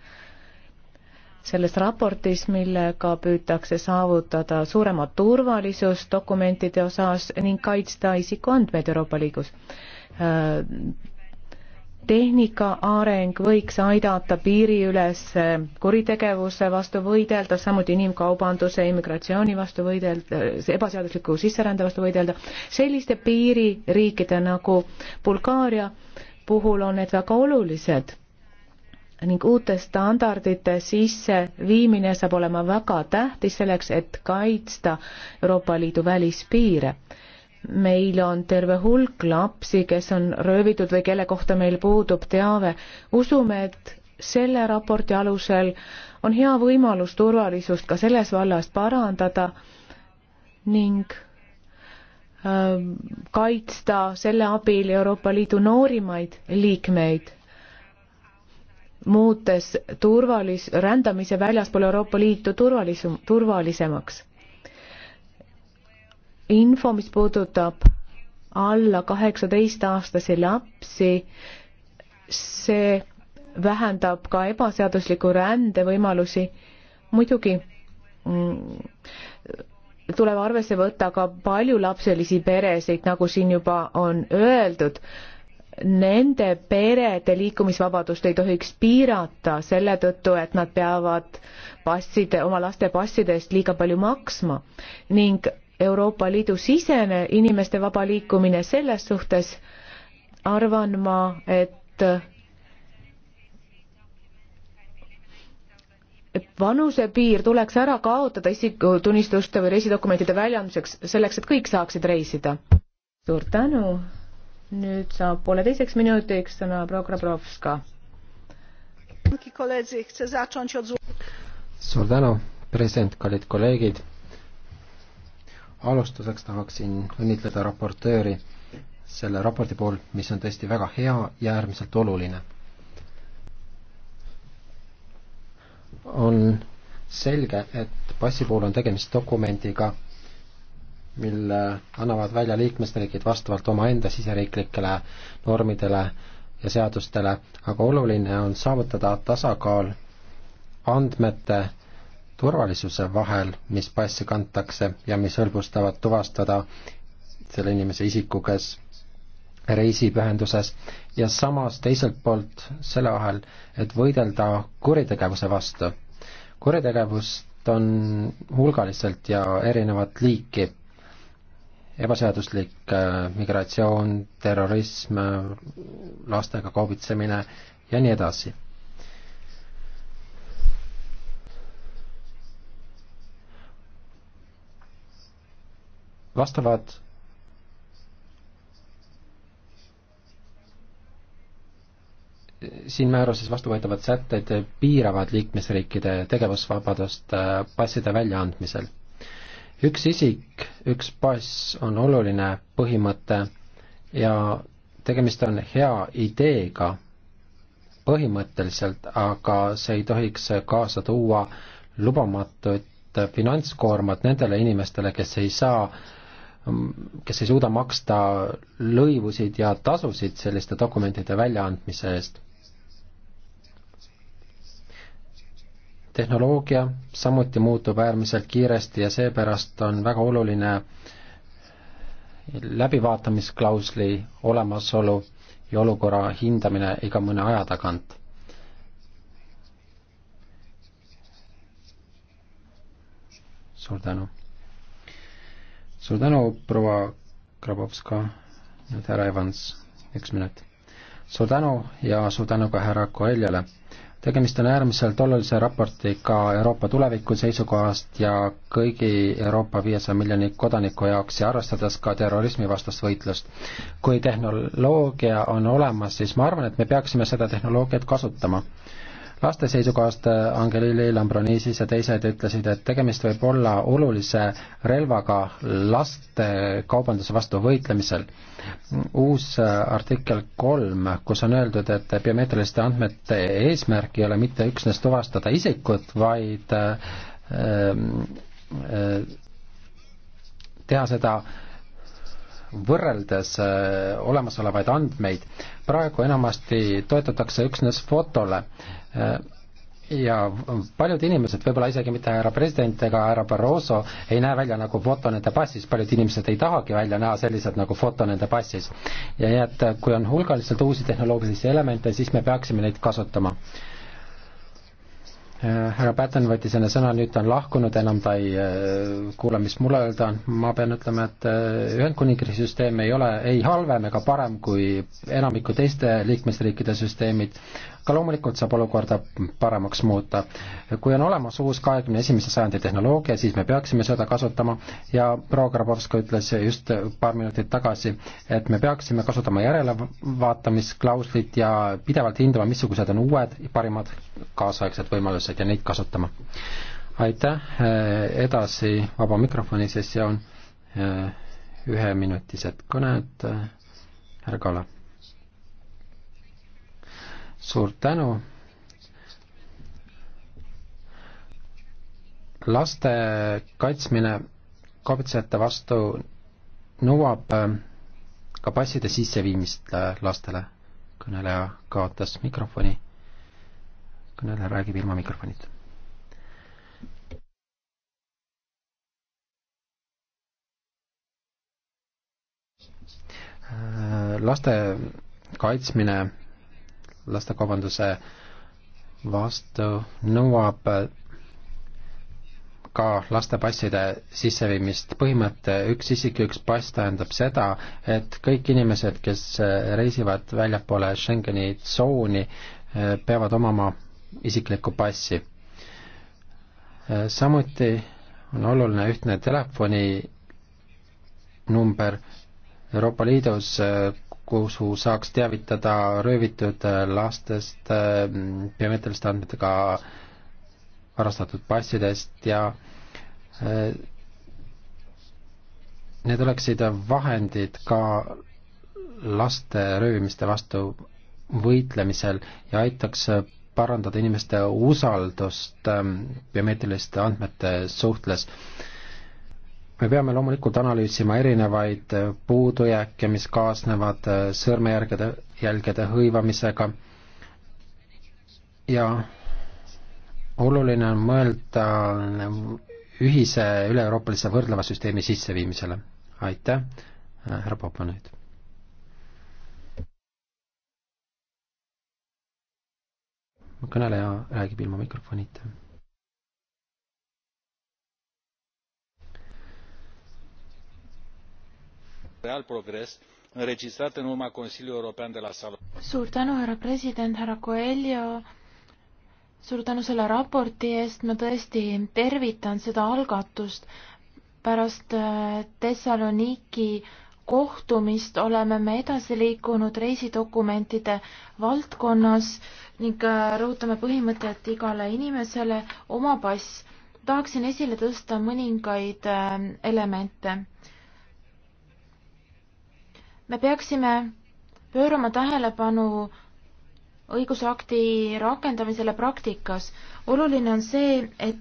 selles raportis, millega püütakse saavutada suuremat turvalisust dokumentide osas ning kaitsta isikuandmeid Euroopa Liidus äh, tehnika areng võiks aidata piiriülese kuritegevuse vastu võidelda, samuti inimkaubanduse, immigratsiooni vastu võidelda, ebaseadusliku sisserände vastu võidelda. selliste piiririikide nagu Bulgaaria puhul on need väga olulised ning uute standardite sisseviimine saab olema väga tähtis selleks, et kaitsta Euroopa Liidu välispiire meil on terve hulk lapsi, kes on röövitud või kelle kohta meil puudub teave. usume, et selle raporti alusel on hea võimalus turvalisust ka selles vallas parandada ning äh, kaitsta selle abil Euroopa Liidu noorimaid liikmeid, muutes turvalis-, rändamise väljaspool Euroopa Liitu turvalis-, turvalisemaks info, mis puudutab alla kaheksateist-aastasi lapsi, see vähendab ka ebaseadusliku rände võimalusi. muidugi mm, tuleb arvesse võtta ka paljulapselisi peresid, nagu siin juba on öeldud. Nende perede liikumisvabadust ei tohiks piirata selle tõttu, et nad peavad passide, oma laste passide eest liiga palju maksma ning Euroopa Liidu sisene inimeste vaba liikumine, selles suhtes arvan ma, et vanusepiir tuleks ära kaotada isikutunnistuste või reisidokumentide väljanduseks, selleks et kõik saaksid reisida. suur tänu. nüüd saab pooleteiseks minutiks sõna Prokobrovska. suur tänu, president, kallid kolleegid alustuseks tahaksin õnnitleda raportööri selle raporti puhul, mis on tõesti väga hea ja äärmiselt oluline. on selge, et passi puhul on tegemist dokumendiga, mille annavad välja liikmesriigid vastavalt omaenda siseriiklikele normidele ja seadustele, aga oluline on saavutada tasakaal andmete turvalisuse vahel, mis passi kantakse ja mis hõlbustavad tuvastada selle inimese isiku, kes reisib ühenduses ja samas teiselt poolt selle vahel, et võidelda kuritegevuse vastu. kuritegevust on hulgaliselt ja erinevat liiki. ebaseaduslik äh, migratsioon, terrorism, lastega kaubitsemine ja nii edasi vastavad siin määruses vastuvõetavad sätted piiravad liikmesriikide tegevusvabadust äh, passide väljaandmisel. üks isik, üks pass on oluline põhimõte ja tegemist on hea ideega põhimõtteliselt, aga see ei tohiks kaasa tuua lubamatut finantskoormat nendele inimestele, kes ei saa Ähm, kes ei suuda maksta lõivusid ja tasusid selliste dokumentide väljaandmise eest. tehnoloogia samuti muutub äärmiselt kiiresti ja seepärast on väga oluline läbivaatamisklausli olemasolu ja olukorra hindamine iga mõne aja tagant suur tänu suur tänu, proua Grabovska, nüüd härra Evans, üks minut. suur tänu ja suur tänu ka härra Koeljale. tegemist on äärmiselt olulise raportiga Euroopa tuleviku seisukohast ja kõigi Euroopa viiesaja miljoni kodaniku jaoks ja arvestades ka terrorismivastast võitlust. kui tehnoloogia on olemas, siis ma arvan, et me peaksime seda tehnoloogiat kasutama laste seisukohast äh, Angelili Lambronisis ja teised ütlesid, et tegemist võib olla olulise relvaga laste kaubanduse vastu võitlemisel. uus äh, artikkel kolm, kus on öeldud, et biomeetriliste andmete eesmärk ei ole mitte üksnes tuvastada isikut, vaid äh, äh, teha seda võrreldes äh, olemasolevaid andmeid. praegu enamasti toetatakse üksnes fotole Äh, ja paljud inimesed, võib-olla isegi mitte härra president ega härra Barroso, ei näe välja nagu foto nende passis, paljud inimesed ei tahagi välja näha sellised nagu foto nende passis. ja nii, et äh, kui on hulgaliselt uusi tehnoloogilisi elemente, siis me peaksime neid kasutama. Äh, härra Patten võttis enne sõna, nüüd ta on lahkunud, enam ta ei kuule, mis mul öelda on, ma pean ütlema, et Ühendkuningriigi süsteem ei ole ei halvem ega parem kui enamiku teiste liikmesriikide süsteemid, ka loomulikult saab olukorda paremaks muuta. kui on olemas uus kahekümne esimese sajandi tehnoloogia, siis me peaksime seda kasutama ja proua Grabovska ütles just paar minutit tagasi, et me peaksime kasutama järelevaatamisklauslit ja pidevalt hindama, missugused on uued parimad kaasaegsed võimalused ja neid kasutama. aitäh, edasi vaba mikrofoni sessioon, üheminutised kõned, härra Kala suur tänu. laste kaitsmine kaubitsejate vastu nõuab äh, ka passide sisseviimist äh, lastele. kõneleja kaotas mikrofoni. kõneleja räägib ilma mikrofonita. Äh, laste kaitsmine lastekaubanduse vastu nõuab ka lastepasside sisseviimist. põhimõte üks isik, üks pass tähendab seda, et kõik inimesed, kes reisivad väljapoole Schengeni tsooni, peavad omama isiklikku passi. samuti on oluline ühtne telefoninumber Euroopa Liidus kuhu saaks teavitada röövitud lastest, mm, biomeetriliste andmetega varastatud passidest ja eh, need oleksid vahendid ka laste röövimiste vastu võitlemisel ja aitaks parandada inimeste usaldust mm, biomeetriliste andmete suhtles me peame loomulikult analüüsima erinevaid puudujääke, mis kaasnevad äh, sõrmejälgede, jälgede hõivamisega ja oluline on mõelda ühise üle-euroopalise võrdleva süsteemi sisseviimisele. aitäh, äh, härra Papa nüüd. kõneleja räägib ilma mikrofonita real progres înregistrat în urma consiliului european de la salonic. suur tänu härra president härra coelho suur tänu selle raporti eest ma tõesti tervitan seda algatust pärast äh, Thessaloniki kohtumist oleme me edasi liikunud reisidokumentide valdkonnas ning äh, rõhutame põhimõtet igale inimesele oma pass tahaksin esile tõsta mõningaid äh, elemente me peaksime pöörama tähelepanu õigusakti rakendamisele praktikas. oluline on see, et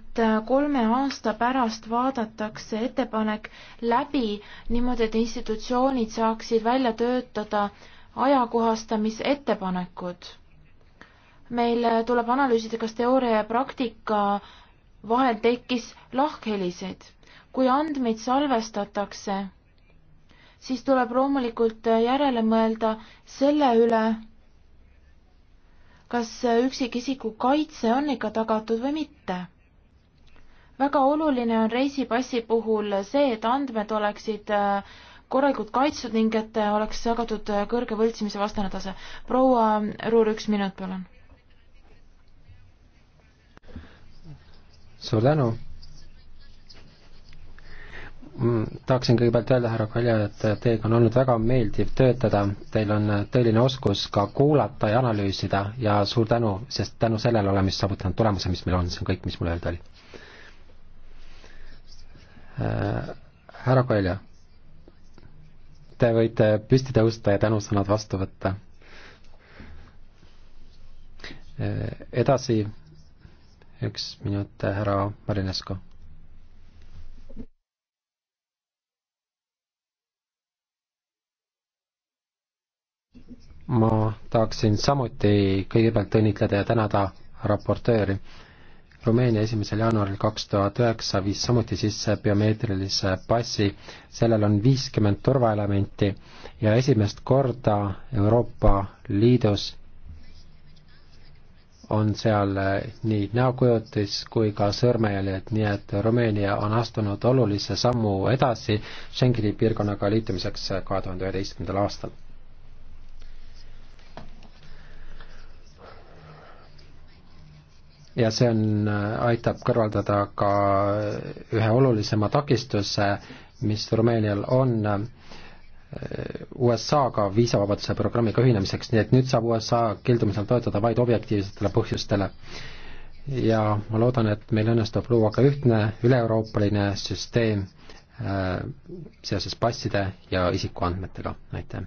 kolme aasta pärast vaadatakse ettepanek läbi niimoodi, et institutsioonid saaksid välja töötada ajakohastamisettepanekud. meil tuleb analüüsida, kas teooria ja praktika vahel tekkis lahkheliseid. kui andmeid salvestatakse siis tuleb loomulikult järele mõelda selle üle, kas üksikisiku kaitse on ikka tagatud või mitte. väga oluline on reisipassi puhul see, et andmed oleksid äh, korralikult kaitstud ning et äh, oleks jagatud äh, kõrge võltsimise vastane tase. proua Ruur, üks minut, palun. suur tänu Mm, tahaksin kõigepealt öelda, härra Kalja, et teiega on olnud väga meeldiv töötada, teil on tõeline oskus ka kuulata ja analüüsida ja suur tänu, sest tänu sellele oleme siis saavutanud tulemuse, mis meil on, see on kõik, mis mul öelda oli. Äh, härra Kalja, te võite püsti tõusta ja tänusõnad vastu võtta. Äh, edasi üks minut, härra Marinesko ma tahaksin samuti kõigepealt õnnitleda ja tänada raportööri. Rumeenia esimesel jaanuaril kaks tuhat üheksa viis samuti sisse biomeetrilise passi, sellel on viiskümmend turvaelementi ja esimest korda Euroopa Liidus on seal nii näokujutis kui ka sõrmejäljed, nii et Rumeenia on astunud olulise sammu edasi Schengeni piirkonnaga liitumiseks kahe tuhande üheteistkümnendal aastal ja see on, äh, aitab kõrvaldada ka äh, ühe olulisema takistuse, mis Rumeenial on äh, USA-ga viisavabaduse programmiga ühinemiseks, nii et nüüd saab USA keeldumisel toetada vaid objektiivsetele põhjustele. ja ma loodan, et meil õnnestub luua ka ühtne üle-euroopaline süsteem äh, seoses passide ja isikuandmetega, aitäh.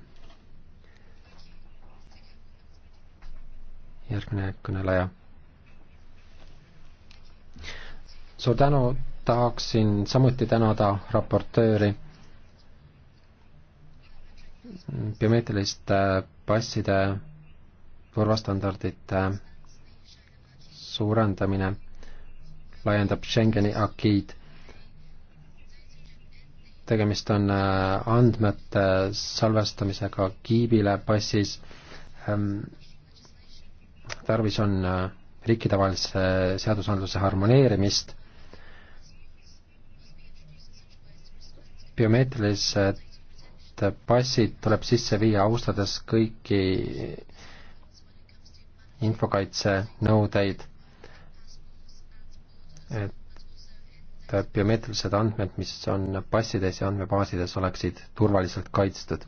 järgmine kõneleja suur tänu, tahaksin samuti tänada raportööri biomeetriliste passide turvastandardite suurendamine laiendab Schengeni akiid. tegemist on äh, andmete salvestamisega kiibile passis. Ähm, tarvis on äh, riikidevahelise seadusandluse harmoneerimist biomeetrilised passid tuleb sisse viia, austades kõiki infokaitsenõudeid. et biomeetrilised andmed, mis on passides ja andmebaasides, oleksid turvaliselt kaitstud.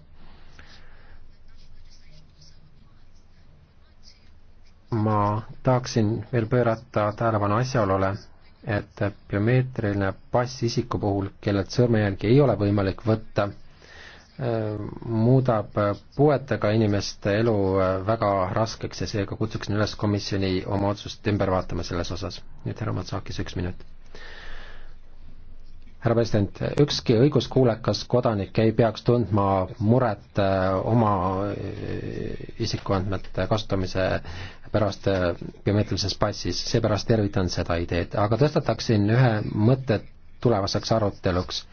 ma tahaksin veel pöörata tähelepanu asjaolule, et biomeetriline pass isiku puhul, kellelt sõrmejälgi ei ole võimalik võtta, muudab puuetega inimeste elu äh, väga raskeks ja seega kutsuksin üles komisjoni oma otsust ümber vaatama selles osas. nüüd härra Matsakis, üks minut härra president, ükski õiguskuulekas kodanik ei peaks tundma muret äh, oma äh, isikuandmete kasutamise pärast äh, biomeetrilises passis, seepärast tervitan seda ideed, aga tõstataksin ühe mõtte tulevaseks aruteluks.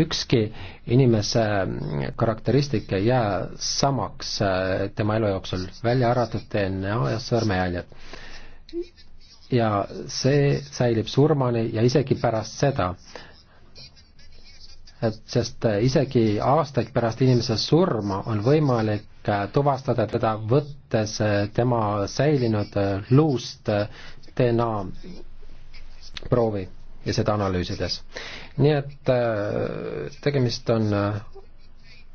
ükski inimese karakteristik ei jää samaks tema elu jooksul, välja arvatud DNA ja sõrmejäljed ja see säilib surmani ja isegi pärast seda. et sest äh, isegi aastaid pärast inimese surma on võimalik äh, tuvastada teda, võttes äh, tema säilinud luust DNA proovi ja seda analüüsides. nii et tegemist on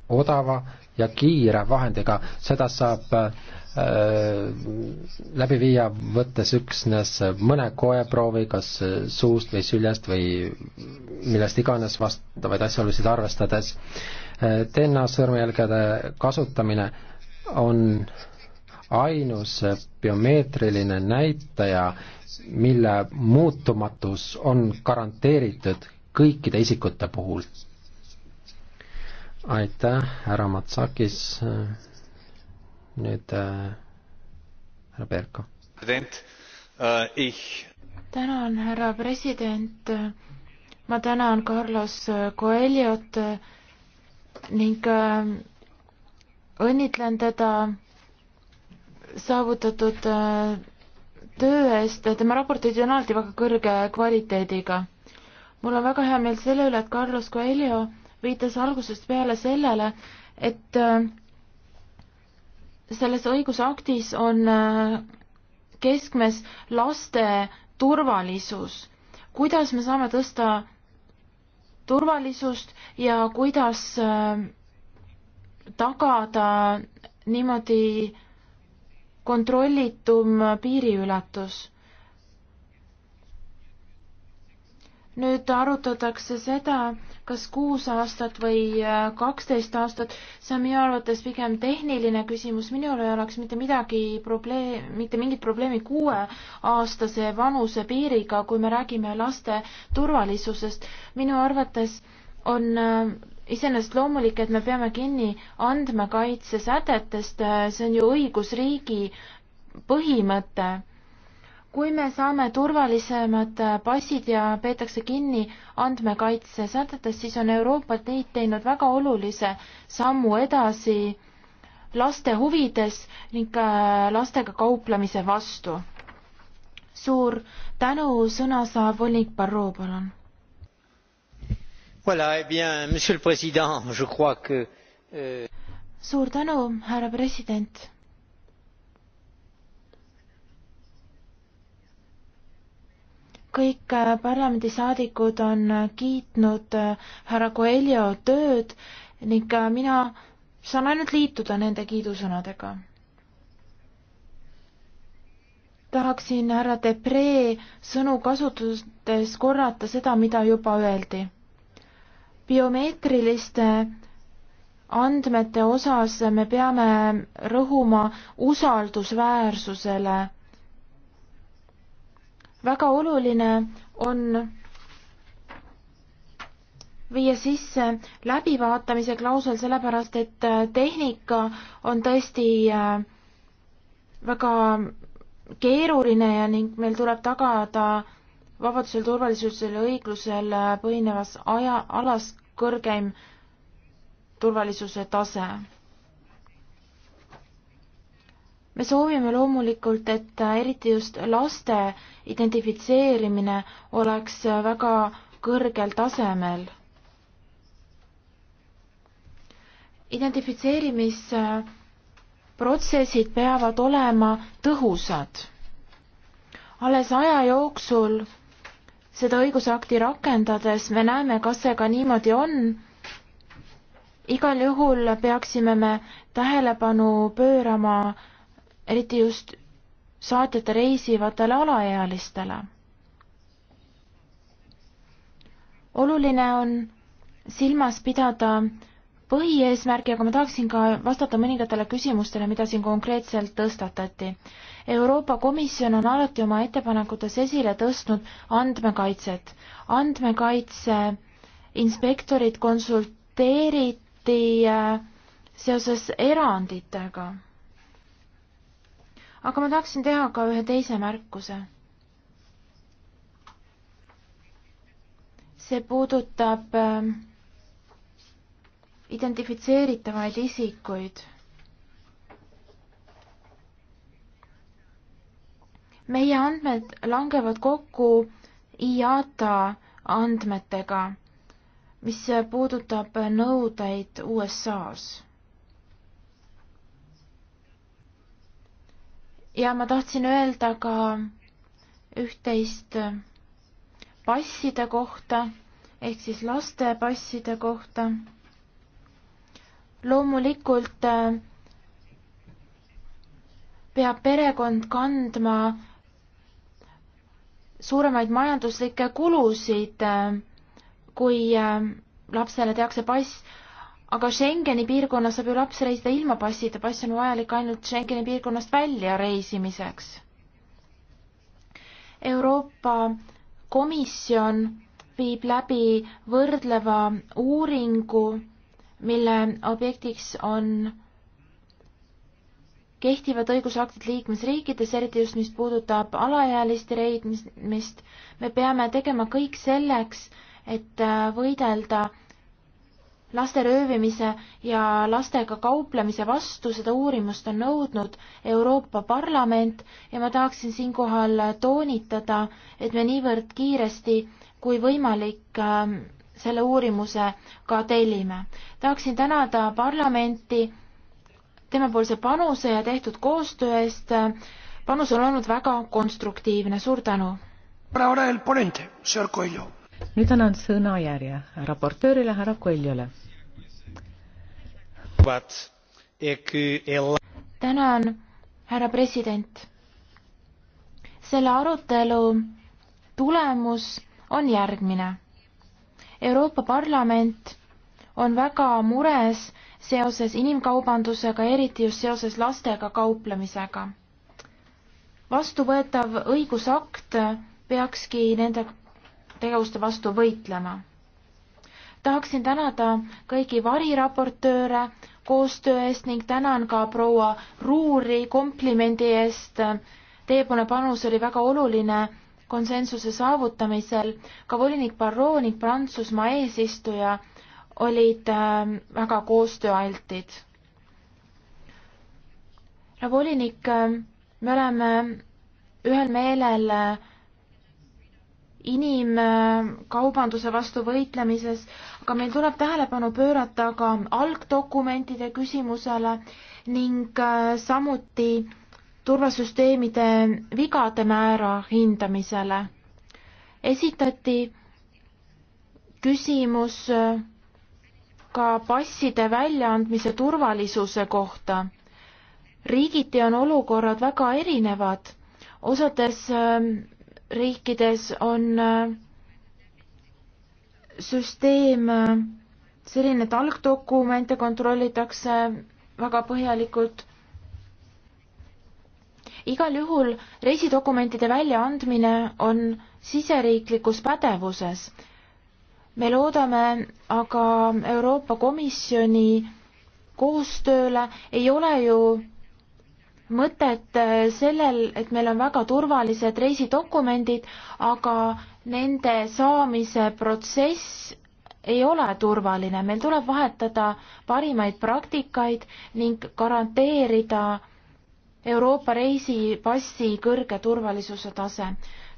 odava ja kiire vahendiga, seda saab Äh, läbi viia, võttes üksnes mõne koeproovi, kas suust või süljest või millest iganes vastavaid asjaolusid arvestades. Äh, DNA sõrmejälgede kasutamine on ainus biomeetriline näitaja, mille muutumatus on garanteeritud kõikide isikute puhul. aitäh, härra Matsakis nüüd äh, härra Berko. Äh, tänan, härra president. ma tänan Carlos Coelhot ning äh, õnnitlen teda saavutatud töö eest, tema raportid on alati väga kõrge kvaliteediga. mul on väga hea meel selle üle, et Carlos Coelho viitas algusest peale sellele, et selles õigusaktis on äh, keskmes laste turvalisus. kuidas me saame tõsta turvalisust ja kuidas äh, tagada niimoodi kontrollitum piiriületus? nüüd arutatakse seda, kas kuus aastat või äh, kaksteist aastat, see on minu arvates pigem tehniline küsimus, minul ei oleks mitte midagi probleem, mitte mingit probleemi kuueaastase vanusepiiriga, kui me räägime laste turvalisusest. minu arvates on äh, iseenesest loomulik, et me peame kinni andmekaitsesädetest, äh, see on ju õigusriigi põhimõte kui me saame turvalisemad passid ja peetakse kinni andmekaitsesätetest, siis on Euroopa Liit teinud väga olulise sammu edasi laste huvides ning lastega kauplemise vastu. suur tänu, sõna saab volinik Barrot, palun. Voilà, eh bien, monsieur le président, je crois que euh... suur tänu, härra president kõik äh, parlamendisaadikud on äh, kiitnud äh, härra Coelho tööd ning mina saan ainult liituda nende kiidusõnadega. tahaksin härra Depree sõnu kasutades korrata seda, mida juba öeldi. biomeetriliste andmete osas me peame rõhuma usaldusväärsusele väga oluline on viia sisse läbivaatamise klausel, sellepärast et äh, tehnika on tõesti äh, väga keeruline ja ning meil tuleb tagada vabadusel, turvalisusel ja õiglusel äh, põhinevas aja, alas kõrgeim turvalisuse tase me soovime loomulikult, et eriti just laste identifitseerimine oleks väga kõrgel tasemel. identifitseerimisprotsessid peavad olema tõhusad. alles aja jooksul seda õigusakti rakendades me näeme, kas see ka niimoodi on igal juhul peaksime me tähelepanu pöörama eriti just saatjate reisivatele alaealistele. oluline on silmas pidada põhieesmärgi, aga ma tahaksin ka vastata mõningatele küsimustele, mida siin konkreetselt tõstatati. Euroopa Komisjon on alati oma ettepanekutes esile tõstnud andmekaitset. andmekaitse inspektorid konsulteeriti äh, seoses eranditega aga ma tahaksin teha ka ühe teise märkuse. see puudutab ähm, identifitseeritavaid isikuid. meie andmed langevad kokku IATA andmetega, mis puudutab nõudeid USA-s ja ma tahtsin öelda ka üht-teist passide kohta ehk siis laste passide kohta. loomulikult äh, peab perekond kandma suuremaid majanduslikke kulusid, äh, kui äh, lapsele tehakse pass aga Schengeni piirkonnas saab ju laps reisida ilma passita, pass on vajalik ainult Schengeni piirkonnast välja reisimiseks. Euroopa Komisjon viib läbi võrdleva uuringu, mille objektiks on kehtivad õigusaktid liikmesriikides, eriti just mis puudutab alaealiste reidmist, me peame tegema kõik selleks, et võidelda laste röövimise ja lastega kauplemise vastu, seda uurimust on nõudnud Euroopa Parlament ja ma tahaksin siinkohal toonitada, et me niivõrd kiiresti kui võimalik ähm, selle uurimuse ka tellime. tahaksin tänada parlamenti temapoolse panuse ja tehtud koostöö eest. panus on olnud väga konstruktiivne, suur tänu. Ahora el ponente, señor Coelho nüüd annan sõnajärje raportöörile härra Koljole. tänan, härra president. selle arutelu tulemus on järgmine. Euroopa Parlament on väga mures seoses inimkaubandusega, eriti just seoses lastega kauplemisega. vastuvõetav õigusakt peakski nende tegevuste vastu võitlema. tahaksin tänada kõigi variraportööre koostöö eest ning tänan ka proua Ruuri komplimendi eest. Teiepoolne panus oli väga oluline konsensuse saavutamisel. ka volinik Barrot ning Prantsusmaa eesistuja olid ähm, väga koostööaltid. volinik, ähm, me oleme ühel meelel äh, inimkaubanduse vastu võitlemises, aga meil tuleb tähelepanu pöörata ka algdokumentide küsimusele ning äh, samuti turvasüsteemide vigade määra hindamisele. esitati küsimus äh, ka passide väljaandmise turvalisuse kohta. riigiti on olukorrad väga erinevad, osades äh, riikides on äh, süsteem äh, selline, et algdokumente kontrollitakse väga põhjalikult. igal juhul reisidokumentide väljaandmine on siseriiklikus pädevuses. me loodame aga Euroopa Komisjoni koostööle, ei ole ju mõtet äh, sellel, et meil on väga turvalised reisidokumendid, aga nende saamise protsess ei ole turvaline, meil tuleb vahetada parimaid praktikaid ning garanteerida Euroopa reisipassi kõrge turvalisuse tase.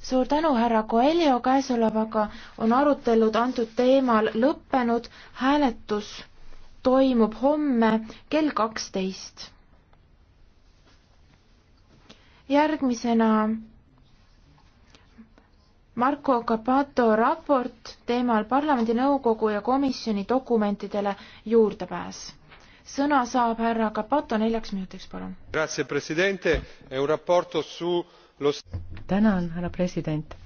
suur tänu, härra Coelho, käesolevaga on arutelud antud teemal lõppenud, hääletus toimub homme kell kaksteist järgmisena Marco Capato raport teemal parlamendi nõukogu ja komisjoni dokumentidele juurdepääs sõna saab härra Capato neljaks minutiks, palun. tänan, härra president.